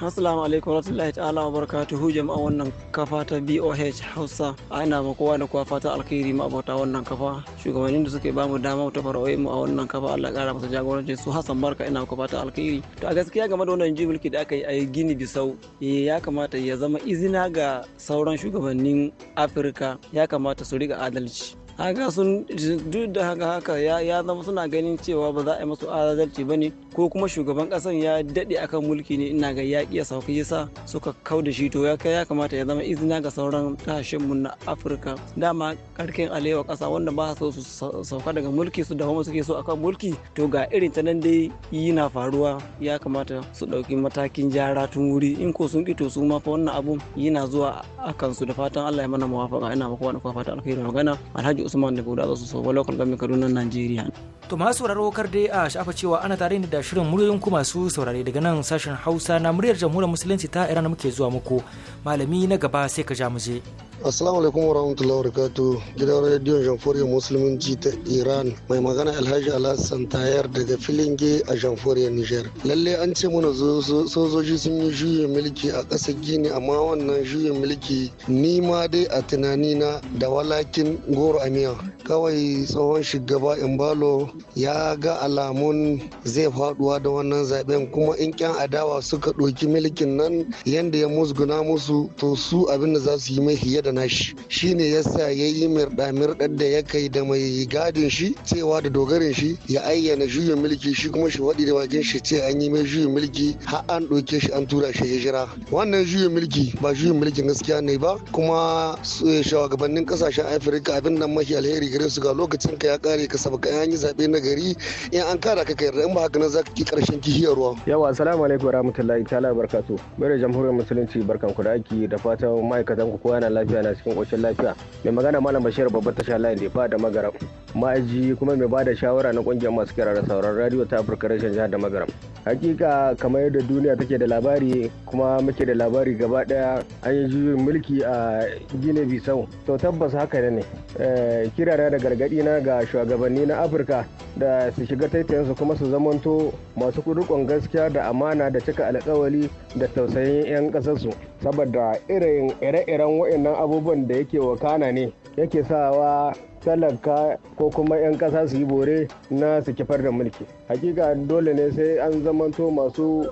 Speaker 18: Assalamu alaikum warahmatullahi ta'ala wa barakatuhu jama'a wannan kafa ta BOH Hausa. a ina ma kowa da kowa fata alkhairi ma abota wannan kafa. Shugabannin da suke bamu dama ta farawai mu a wannan kafa Allah kara masa jagoranci su Hassan Barka ina ku fata alkhairi. To a gaskiya game da wannan jimilki da aka yi a Gini Bisau eh, ya kamata ya zama izina ga sauran shugabannin Afirka ya kamata su riga adalci. haka sun duk da haka haka ya zama suna ganin cewa ba za a yi masu adalci ba ne ko kuma shugaban kasan ya daɗe akan mulki ne ina ga yaƙi ya sauka yasa suka kau da shi to ya kai ya kamata ya zama izina ga sauran tashinmu mu na afirka dama karkin alewa ƙasa wanda ba so su sauka daga mulki su dawo suke so akan mulki to ga irin ta nan dai na faruwa ya kamata su ɗauki matakin jara tun wuri in ko sun kito su ma fa wannan abun yana zuwa akan su da fatan Allah ya mana muwafaka ina maka wani fata alkhairi magana alhaji usman da wuda su sau local government kaduna nigeria to ma sauraro kar dai a shafa cewa ana tare da shirin muryoyin ku masu saurare daga nan
Speaker 7: sashen hausa na muryar jamhuriyar musulunci ta iran muke zuwa muku malami na gaba sai ka ja mu je.
Speaker 19: Assalamu alaikum wa rahmatullahi wa barakatu gidan rediyon jamhuriyar musulunci ta Iran mai magana Alhaji Alhassan Tayar daga filin Filinge a jamhuriyar Nijar. Lalle an ce mana sojoji sun yi juyin mulki a ƙasar Gini amma wannan juyin mulki ni ma dai a tunanina da walakin goro miya. Kawai tsohon shugaba balo ya ga alamun zai faduwa da wannan zaben kuma in kyan adawa suka ɗoki mulkin nan yanda ya musguna musu to su abin da za su yi mai hiyar da da nashi shine yasa ya yi mirɗa da ya kai da mai gadin shi cewa da dogarin shi ya ayyana juyin mulki shi kuma shi waɗi da bakin shi ce an yi mai juyin mulki har an ɗauke shi an tura shi jira wannan juyin mulki ba juyin mulkin gaskiya ne ba kuma eh, shugabannin kasashen afirka abin nan mafi alheri gare su ga lokacin ka ya kare ka sabaka an yi zaɓe na gari in an kara ka yarda in ba haka nan za ka ki ƙarshen kihiyar ruwa. yawa assalamu alaikum
Speaker 20: wa rahmatullahi ta'ala barkatu. Mai da jamhuriyar musulunci barkan ku da aiki da fatan ma'aikatan ku kowa na lafiya na cikin ƙoshin lafiya mai magana malam bashir babbar tasha layin da ba da magaram ma'aji kuma mai bada shawara na ƙungiyar masu kira sauran radio ta afirka rashin jihar da magaram hakika kamar yadda duniya take da labari kuma muke da labari gaba daya an yi juyin mulki a gine bisau to tabbas haka ne ne. Eh, kirana da gargaɗi na ga shugabanni na afirka da su shiga taitayensu kuma su zamanto masu kudurkon gaskiya da amana da cika alkawali da tausayin 'yan ƙasarsu saboda irin ire-iren waɗannan abubuwan da yake wakana ne yake sawa talaka ko kuma 'yan ƙasa su yi bore na su kifar da mulki hakika dole ne sai an zamanto masu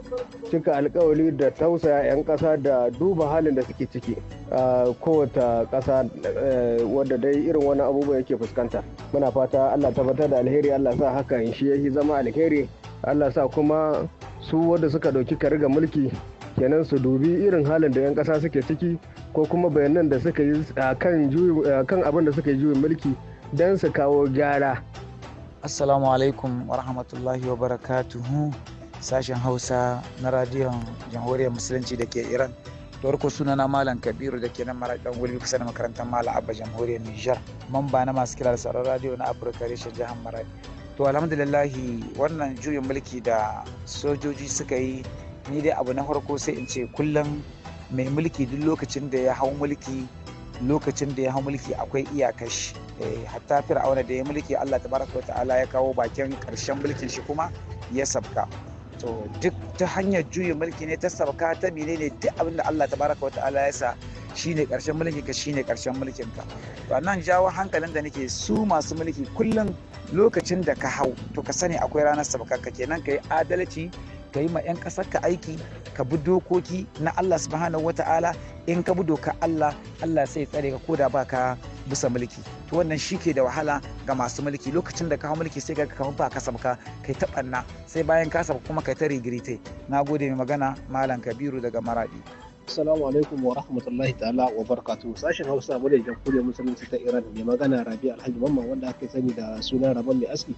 Speaker 20: cika alkawali da tausaya 'yan kasa da duba halin da suke ciki a kowata ƙasa eh, wadda dai irin wani abubuwa yake fuskanta muna fata allah tabbatar da alheri allah sa hakan shi ya zama alheri allah sa kuma su wadda suka ɗauki kariga mulki kenan su dubi irin halin da 'yan kasa suke ciki ko kuma bayanan da suka yi kan abin da suka yi juyin mulki don su kawo gyara
Speaker 21: assalamu alaikum wa barakatuhu sashen hausa na radiyon jamhuriyar musulunci da ke iran farko na malam kabiru da ke nan mara dan wuri kusa da makarantar malam abba jamhuriyar nijar mamba na masu kira da sauran radiyo na afirka reshen jihar maradi to alhamdulillahi wannan juyin mulki da sojoji suka yi ni dai abu na farko sai in ce kullum mai mulki duk lokacin da ya hau mulki lokacin da ya hau mulki akwai iyakashi eh, hatta fir'auna da ya mulki Allah wa ta'ala ya kawo bakin karshen mulkin shi kuma ya sabka to duk ta hanyar juyin mulki ne ta sabka ta menene duk abin da Allah wa ta'ala ya sa shine karshen mulkin ka Shi ne karshen mulkin ka to nan jawo hankalin da nake su masu mulki kullum lokacin da ka hau to ka sani akwai ranar sabka ka kenan kai adalci ka yi ma 'yan ka aiki ka bi dokoki na Allah subhanahu wata'ala in ka bi doka Allah Allah sai tsare ka koda ba ka bisa mulki to wannan shi ke da wahala ga masu mulki lokacin da ka hau mulki sai ka kamar ba ka sabka kai ta banna sai bayan ka sabka kuma kai ta rigirite na gode mai magana malam kabiru daga maradi
Speaker 22: Assalamu alaikum wa rahmatullahi ta'ala wa barkatu. Sashen Hausa mu da Jamhuriyar Musulunci ta Iran mai magana Rabi Alhaji Mamman wanda aka sani da sunan Rabon Mai Aski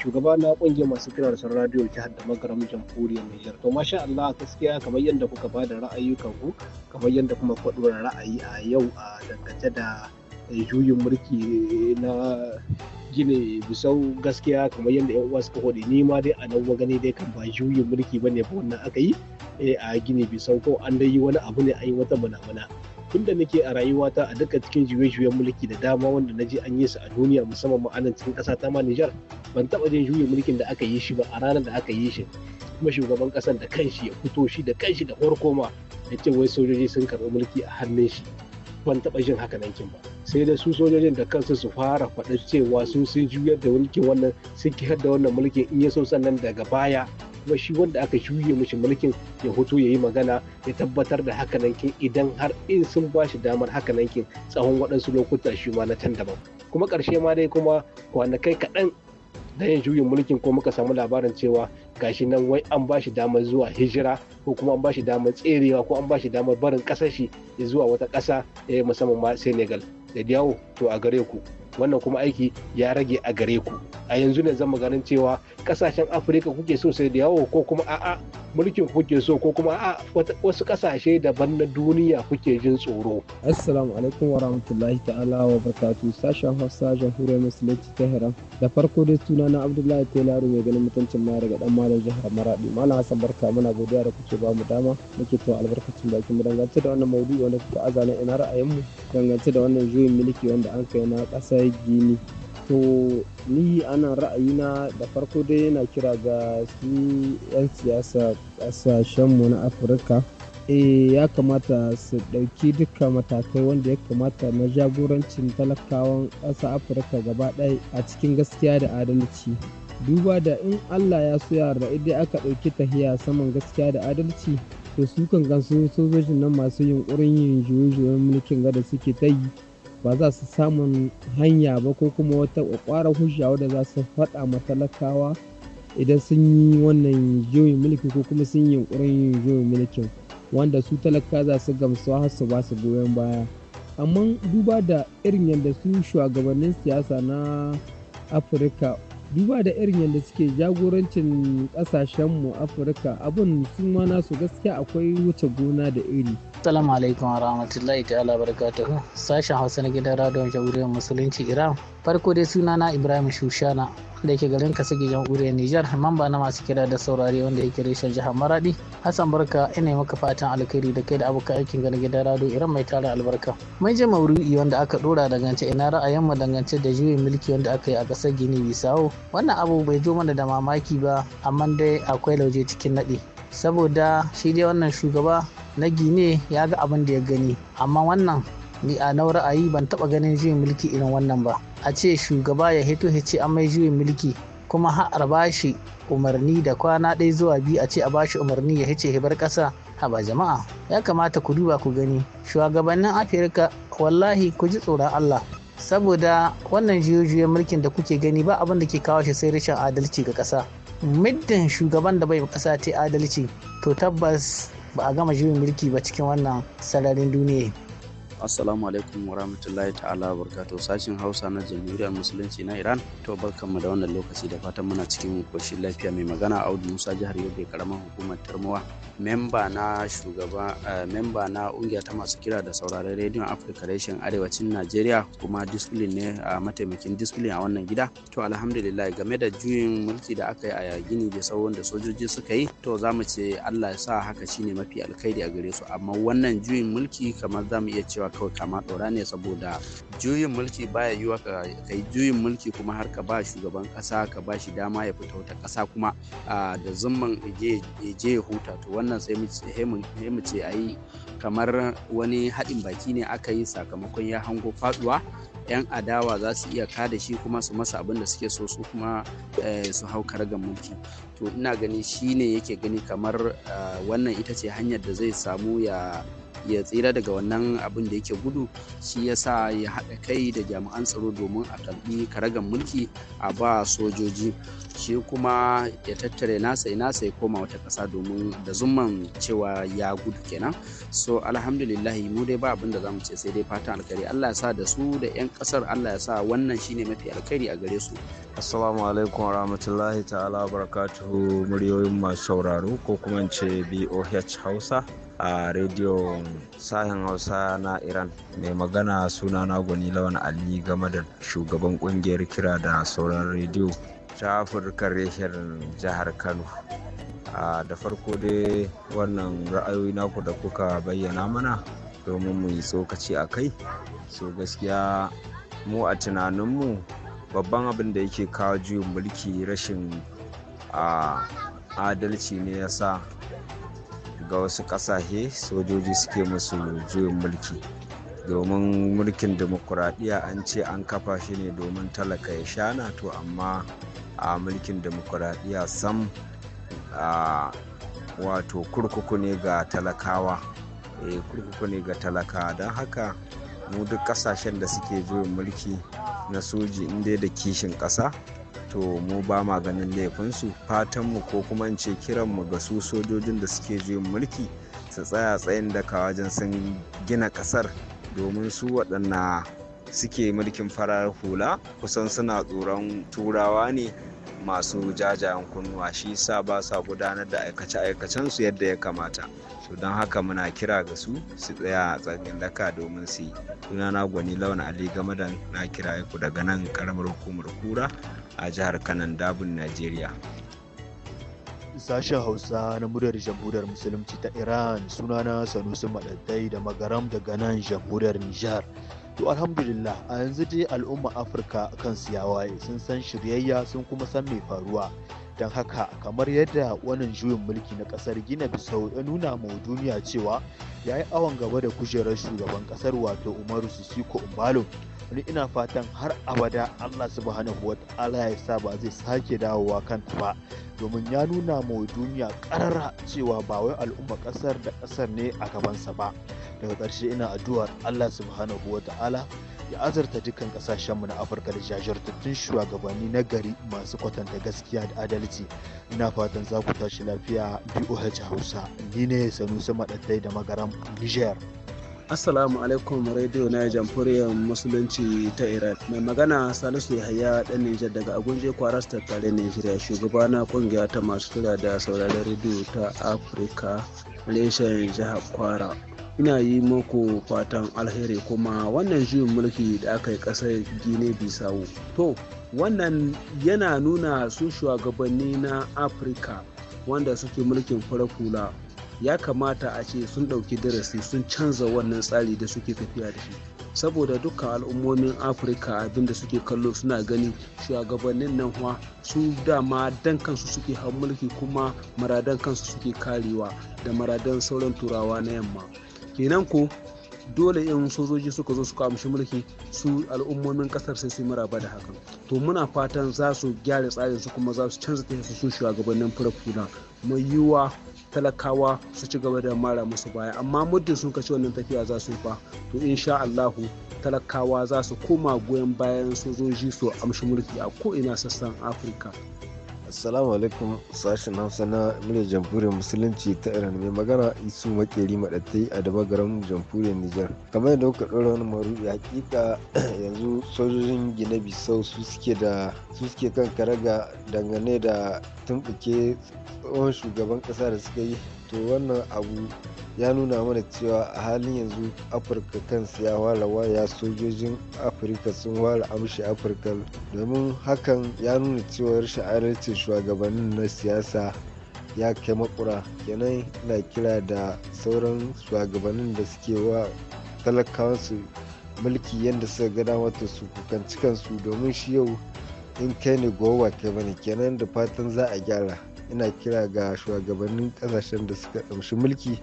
Speaker 22: shugaba na kungiyar masu kira son radio jihar da magaram jamhuriyar Nijar. To masha Allah gaskiya kamar yadda kuka ba da ra'ayyukan ku kamar yadda kuma kwaɗuwar ra'ayi a yau a dangace da eh, juyin mulki eh, na gine bisau gaskiya kamar yadda yan uwa suka hode ni ma dai a nan gani dai kan ba juyin mulki bane ba wannan aka yi eh, a gine bisau ko an dai yi wani abu ne a yi wata mana-mana tun da nake a rayuwata a duka cikin juye-juyen mulki da dama wanda na ji an yi su a duniya musamman ma'anan cikin ƙasa ta ma Nijar ban taɓa jin juyin mulkin da aka yi shi ba a ranar da aka yi shi kuma shugaban ƙasar da kanshi ya fito shi da kanshi da farko ma ya ce wai sojoji sun karɓi mulki a hannun shi ban taɓa jin haka nan kin ba sai da su sojojin da kansu su fara faɗa cewa su sun juyar da mulkin wannan sun kihar da wannan mulkin in ya so sannan daga baya kuma shi wanda aka shuye mishi mulkin ya hoto ya yi magana ya tabbatar da hakanankin idan har in sun ba shi damar hakanankin tsawon waɗansu lokuta shi ma na can daban kuma ƙarshe ma dai kuma kwanakai kaɗan da ya juyin mulkin ko muka samu labarin cewa gashi nan wai an ba shi damar zuwa hijira ko kuma an ba shi damar tserewa ko an ba shi damar barin ƙasar shi zuwa wata ƙasa eh, musamman ma senegal da yawo to a gare ku wannan kuma aiki ya rage a gare ku a yanzu ne zama ganin cewa kasashen afirka kuke so sai da yawo ko kuma a'a mulkin kuke so ko kuma a'a wasu kasashe daban na duniya kuke jin tsoro
Speaker 13: assalamu alaikum wa rahmatullahi ta'ala wa barakatu sashen hausa jamhuriyar musulunci ta hira da farko dai suna na abdullahi taylor mai ganin mutuncin ma daga dan malam jihar maradi malam hassan barka muna godiya da kuke bamu dama muke to albarkacin bakin mu dangance da wannan maudu'i wanda kuka azana ina ra'ayin mu dangance da wannan juyin mulki wanda an kai na kasar ƙasar gini to ni anan ra'ayina da farko dai yana kira ga su 'yan siyasa mu na afirka eh ya kamata su ɗauki duka matakai wanda ya kamata na jagorancin talakawan ƙasa afirka gaba ɗaya a cikin gaskiya da adalci duba da in allah ya so yarda idan aka ɗauki tahiya saman gaskiya da adalci to su kan gansu sojojin nan masu yunkurin yin juyoyin mulkin gada suke ta yi ba za su samun hanya ba ko kuma wata kwakwara hujja wadda za su faɗa ma talakawa idan sun yi wannan juyin mulki ko kuma sun yi yunƙurin yin juyin mulkin wanda su talaka za su gamsuwa har su ba su goyon baya amma duba da irin yadda su shugabannin siyasa na afirka Duba da irin yadda suke jagorancin mu Afirka abun sun ma nasu
Speaker 23: gaskiya akwai wuce gona da iri. salamu alaikum wa rahmatullahi ta'ala barakatuhu. Sashen Hausa na gidan Radon Jamhuriyar Musulunci Iran. Farko dai sunana Ibrahim Shushana da ke garin Kasige jamhuriyar Nijar mamba na masu kira da saurari wanda yake reshen jihar Maradi Hassan Barka ina maka fatan alkhairi da kai da abokan aikin gani gidan rado irin mai tara albarka mai je maudu'i wanda aka dora dangance ina ra'ayin mu dangance da juyin mulki wanda aka yi a kasar Gini Bisau wannan abu bai zo mana da mamaki ba amma dai akwai lauje cikin nadi, saboda shi dai wannan shugaba na Gine ya ga abin da ya gani amma wannan ni a na ra'ayi ban taba ganin juyin mulki irin wannan ba a ce shugaba ya hito ya ce an mai juyin mulki kuma har bashi umarni da kwana ɗaya zuwa biyu a ce a bashi umarni ya hice hibar ƙasa ba jama'a ya kamata ku duba ku gani shugabannin afirka wallahi ku ji tsoron allah saboda wannan juye mulkin da kuke gani ba abin da ke kawo shi sai rashin adalci ga ƙasa muddin shugaban da bai ƙasa ta adalci to tabbas ba a gama juyin mulki ba cikin wannan sararin duniya
Speaker 24: assalamu alaikum wa rahmatullahi ta'ala wa barakatuh sashin hausa na jamhuriyar musulunci na iran to barkanmu da wannan lokaci da fatan muna cikin koshin lafiya mai magana audu musa jihar yobe karamar hukumar tarmowa memba na shugaba eh, memba na kungiya ta masu kira da sauraron rediyon africa reshen arewacin najeriya kuma discipline ne a eh, mataimakin discipline a wannan gida to alhamdulillah game da juyin mulki da aka yi a gini da sauran da sojoji suka yi to za mu ce allah ya sa haka shine mafi alkhairi a gare su amma wannan juyin mulki kamar za mu iya cewa kawai kama ɗora ne saboda juyin mulki baya yiwa ka yi juyin mulki kuma har ka ba shugaban ƙasa ka ba shi dama ya fita ta ƙasa kuma da zumman ya je ya huta to wannan sai mu ce a yi kamar wani haɗin baki ne aka yi sakamakon ya hango faɗuwa 'yan adawa za su iya kada shi kuma su masa abin da suke so su kuma eh, su hau karagan mulki to ina gani shi ne yake gani kamar wannan ita ce hanyar da zai samu ya ya tsira daga wannan abin da yake gudu shi yasa ya haɗa kai da jami'an tsaro domin a karbi karagan mulki a ba sojoji shi kuma ya tattare nasa ya nasa ya koma wata ƙasa domin da zumman cewa ya gudu kenan so alhamdulillahi mu dai ba abin da za mu ce sai dai fatan alkhairi allah ya sa da su da 'yan ƙasar allah ya sa wannan ne mafi alkhairi a gare su assalamu
Speaker 25: alaikum rahmatullahi ta'ala barakatuhu muryoyin masu sauraro ko kuma in ce boh hausa a radio sahin hausa na iran mai magana suna na gwani lawan ali game da shugaban kungiyar kira da sauran rediyo ta afirka reshen jihar kano da farko dai wannan ra'ayoyi naku da kuka bayyana mana domin mu yi tsokaci a kai so gaskiya mu a tunaninmu babban abin da yake kawo juyin mulki rashin adalci ne ya sa ga wasu ƙasashe sojoji suke musu juyin mulki domin mulkin demokuraɗiyya an ce an kafa shi ne domin talaka ya shana to amma a mulkin demokuraɗiyya sam a wato kurkuku ne ga talakawa e kurkuku ne ga talakawa don haka mu duk ƙasashen da suke juyin mulki na soji inda da kishin ƙasa to mu ba ma ganin laifinsu fatanmu ko kuma in ce kiranmu ga su sojojin da suke juyin mulki su tsaya tsayin daka wajen sun gina kasar domin su waɗanna suke mulkin farar hula kusan suna tsoron turawa ne masu jajayen kunnuwa shi sa ba sa gudanar da aikace-aikacen su yadda ya kamata to don haka muna kira ga su su tsaya a tsakin daka domin su yi sunana gwani launa ali game da na kira ku daga nan karamar hukumar kura a jihar kanan dabun najeriya
Speaker 16: sashen hausa na muryar jamhuriyar musulunci ta iran sunana sanusi madaddai da magaram daga nan jamhuriyar nijar to alhamdulillah a yanzu dai al'ummar afirka kan siyawaye sun san shiryayya sun kuma san mai faruwa don haka kamar yadda wannan juyin mulki na kasar gina bisau ya nuna ma duniya cewa ya yi awon gaba da kujerar shugaban kasar wato umaru sisiko umbalo ni ina fatan har abada Allah subhanahu wa ta'ala ya sa ba zai sake dawowa kanta ba domin ya nuna ma duniya karara cewa ba wai al'umma kasar da kasar ne a gabansa ba daga ƙarshe ina addu'ar Allah subhanahu wa ta'ala ya azurta dukkan kasashenmu na afirka da jajirtattun shugabanni na gari masu kwatanta gaskiya da adalci ina fatan za ku tashi lafiya boh hausa ni
Speaker 9: ne sanusi maɗaɗai da magaram niger Assalamu alaikum radio na jamhuriyar musulunci ta Iran. Mai magana Salisu Yahaya ɗan Nijar daga Agunje Kwaras tare Nijeriya shugaba na kungiya ta masu kira da sauraron radio ta Afirka Malaysian jihar Kwara. Ina yi muku fatan alheri kuma wannan juyin mulki da aka yi ƙasar Gine Bisau. To, wannan yana nuna su shugabanni na Afirka wanda suke mulkin farar ya kamata a ce sun ɗauki darasi sun canza wannan tsari da suke tafiya da shi saboda dukkan al'ummomin afirka abinda suke kallo suna gani shugabannin nan wa su dama dan kansu suke hau mulki kuma maradan kansu suke karewa da maradan sauran turawa na yamma kenan ko dole in sojoji suka zo suka amshi mulki su al'ummomin kasar sai su maraba da hakan to muna fatan za su gyara tsarin su kuma za su canza tafiya su shugabannin fura mai yiwuwa talakawa su ci gaba da mara musu baya amma muddin sun kaci wannan tafiya za su fa to insha Allahu talakawa za su koma goyon bayan sojoji su amshi mulki a ko'ina sassan afirka
Speaker 26: Assalamu alaikum sashen Hausa na muryar jamhuriyar musulunci ta Iran mai magana Isu Makeri Madattai a daba garin jamhuriyar Nijar. Kamar da kuka ɗora wani maru ya hakika yanzu sojojin Gine Bisau su suke da su suke kan karaga dangane da tumɓuke tsohon shugaban ƙasa da suka yi to wannan abu ya nuna mana cewa a halin yanzu afirka kansu ya wala waya sojojin afirka sun wala amshi afirka domin hakan ya nuna cewa rashin adalcin shugabannin na siyasa ya kai makura kenan na kira da sauran shugabannin da suke wa talakawansu mulki yadda suka gada wata su kukanci kansu domin shi yau in kai ne gowa kai bane kenan da fatan za a gyara ina kira ga shugabannin kasashen da suka ɗamshi mulki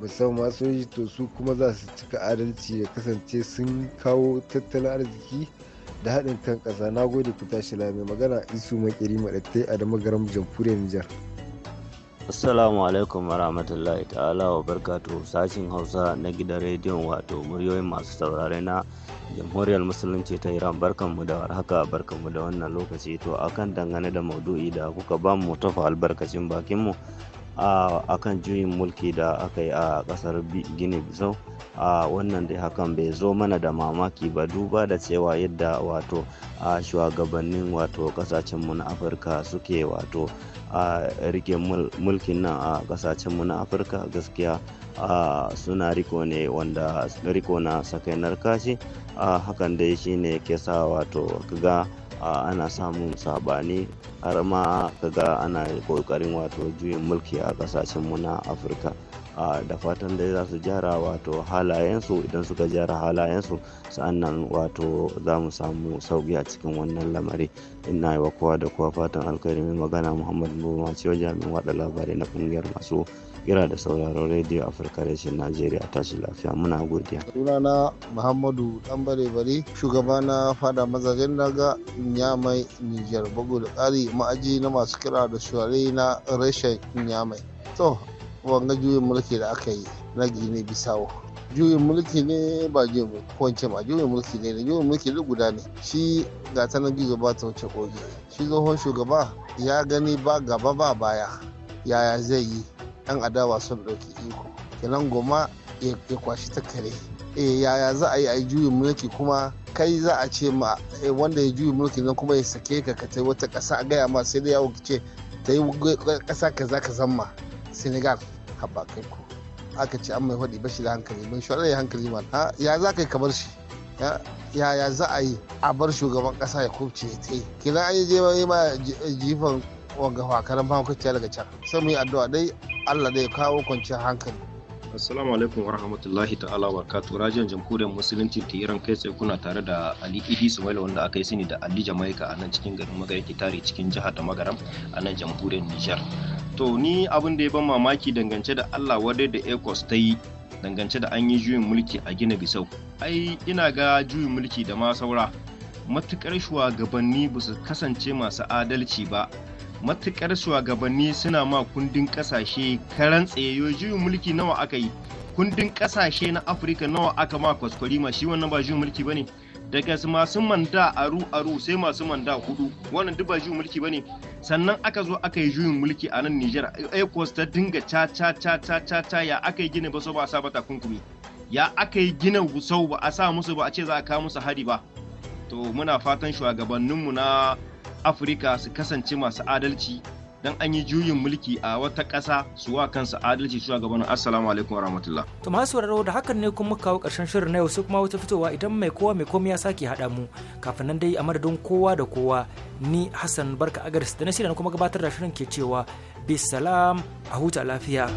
Speaker 26: musamman soji to su kuma za su cika adalci ya kasance sun kawo tattalin arziki da haɗin kan ƙasa na gode ku tashi lami magana isu makiri maɗattai a da magaram jamhuriyar nijar
Speaker 10: Assalamu alaikum warahmatullahi ta'ala wa barkatu sashin Hausa na gidan rediyon wato muryoyin masu saurare na Jamhuriyar Musulunci ta Iran barkan mu da warhaka mu da wannan lokaci to akan dangane da maudu'i da kuka bamu mu tafa albarkacin bakin mu a kan juyin mulki da aka yi a ƙasar gini bisau a wannan dai hakan bai zo mana da mamaki ba duba da cewa yadda wato a shugabannin wato kasashenmu na afirka suke wato a rike mulkin nan a kasashenmu na afirka gaskiya a suna riko ne wanda riko na sakainar kashi a hakan dai shine ke sa wato ga ana samun sabani har ma kaga ana kokarin wato juyin mulki a kasashen mu na afirka da fatan dai za su gyara wato halayensu idan suka gyara halayensu sa'annan wato za mu samu sauki a cikin wannan lamari ina yi wa kowa da kowa fatan alkhairi mai magana muhammad ce ciwo jami'in wada labarai na kungiyar masu kira da sauraron radio afirka reshen najeriya tashi lafiya muna godiya
Speaker 27: sunana muhammadu dan bare bare shugaba na fada mazajen daga nyamai niger bugu da kari ma'aji na masu kira da shuware na reshen nyamai to wanga juyin mulki da aka yi na gini bisawo juyin mulki ne ba juyin mulki ma juyin mulki ne ne juyin mulki ne guda ne shi ga ta nan gizo ba ta wuce kogi shi tsohon shugaba ya gani ba gaba ba baya yaya zai yi 'yan adawa sun ɗauki iko kenan goma ya kwashi ta kare eh, yaya za a yi a juyin mulki kuma kai za a ce ma eh, wanda ya juyin mulki nan kuma ya sake ka ka ta wata ƙasa a gaya ma sai da yawo ce ta yi ƙasa za ka zama senegal haɓa kai ku aka ce an mai faɗi ba shi da hankali ban shi ya hankali ma ya za ka yi kamar shi yaya za a yi a bar shugaban ƙasa ya kubce ya ta yi kenan an yi je ma jifan wanga fakaran mahaukaciya daga can sai mu yi addu'a dai Allah zai kawo kwanciyar hankali
Speaker 12: Assalamu alaikum wa rahmatullahi ta'ala wa katu rajin jamhuriyar musulunci ta Iran kai tsaye kuna tare da Ali Idi Sumaila wanda aka yi sani da Ali Jamaika a nan cikin garin Magariki tare cikin jihar da Magaram a nan jamhuriyar Nijar. To ni abin da ya ban mamaki dangance da Allah wadai da ECOS ta yi dangance da an yi juyin mulki a Gina Bisau. Ai ina ga juyin mulki da ma saura matukar shugabanni ba su kasance masu adalci ba matukar shugabanni suna ma kundin kasashe karan tsayayo juyin mulki nawa aka yi kundin kasashe na afirka nawa aka ma kwaskwarima shi wannan ba juyin mulki ba ne daga masu manda aru aru sai masu manda hudu wannan duk ba juyin mulki ba ne? sannan aka zo aka yi juyin mulki a nan nijar ecos ta dinga ca ca ca ya aka yi gina ba so ba a sa ba takunkumi ya aka yi gina gusau ba a sa musu ba a ce za a kawo musu hari ba to muna fatan shugabanninmu na afirka su kasance masu adalci dan an yi juyin mulki a wata ƙasa su wa kansu adalci gabanin assalamu alaikum rahmatullah
Speaker 7: to masu sauraro da hakan ne kuma kawo ƙarshen shirin na yau su kuma wata fitowa idan mai kowa mai komai ya sake haɗa mu kafin nan dai a madadin kowa da kowa ni hassan barka agaris da na shirya kuma gabatar da shirin ke cewa bisalam a huta lafiya.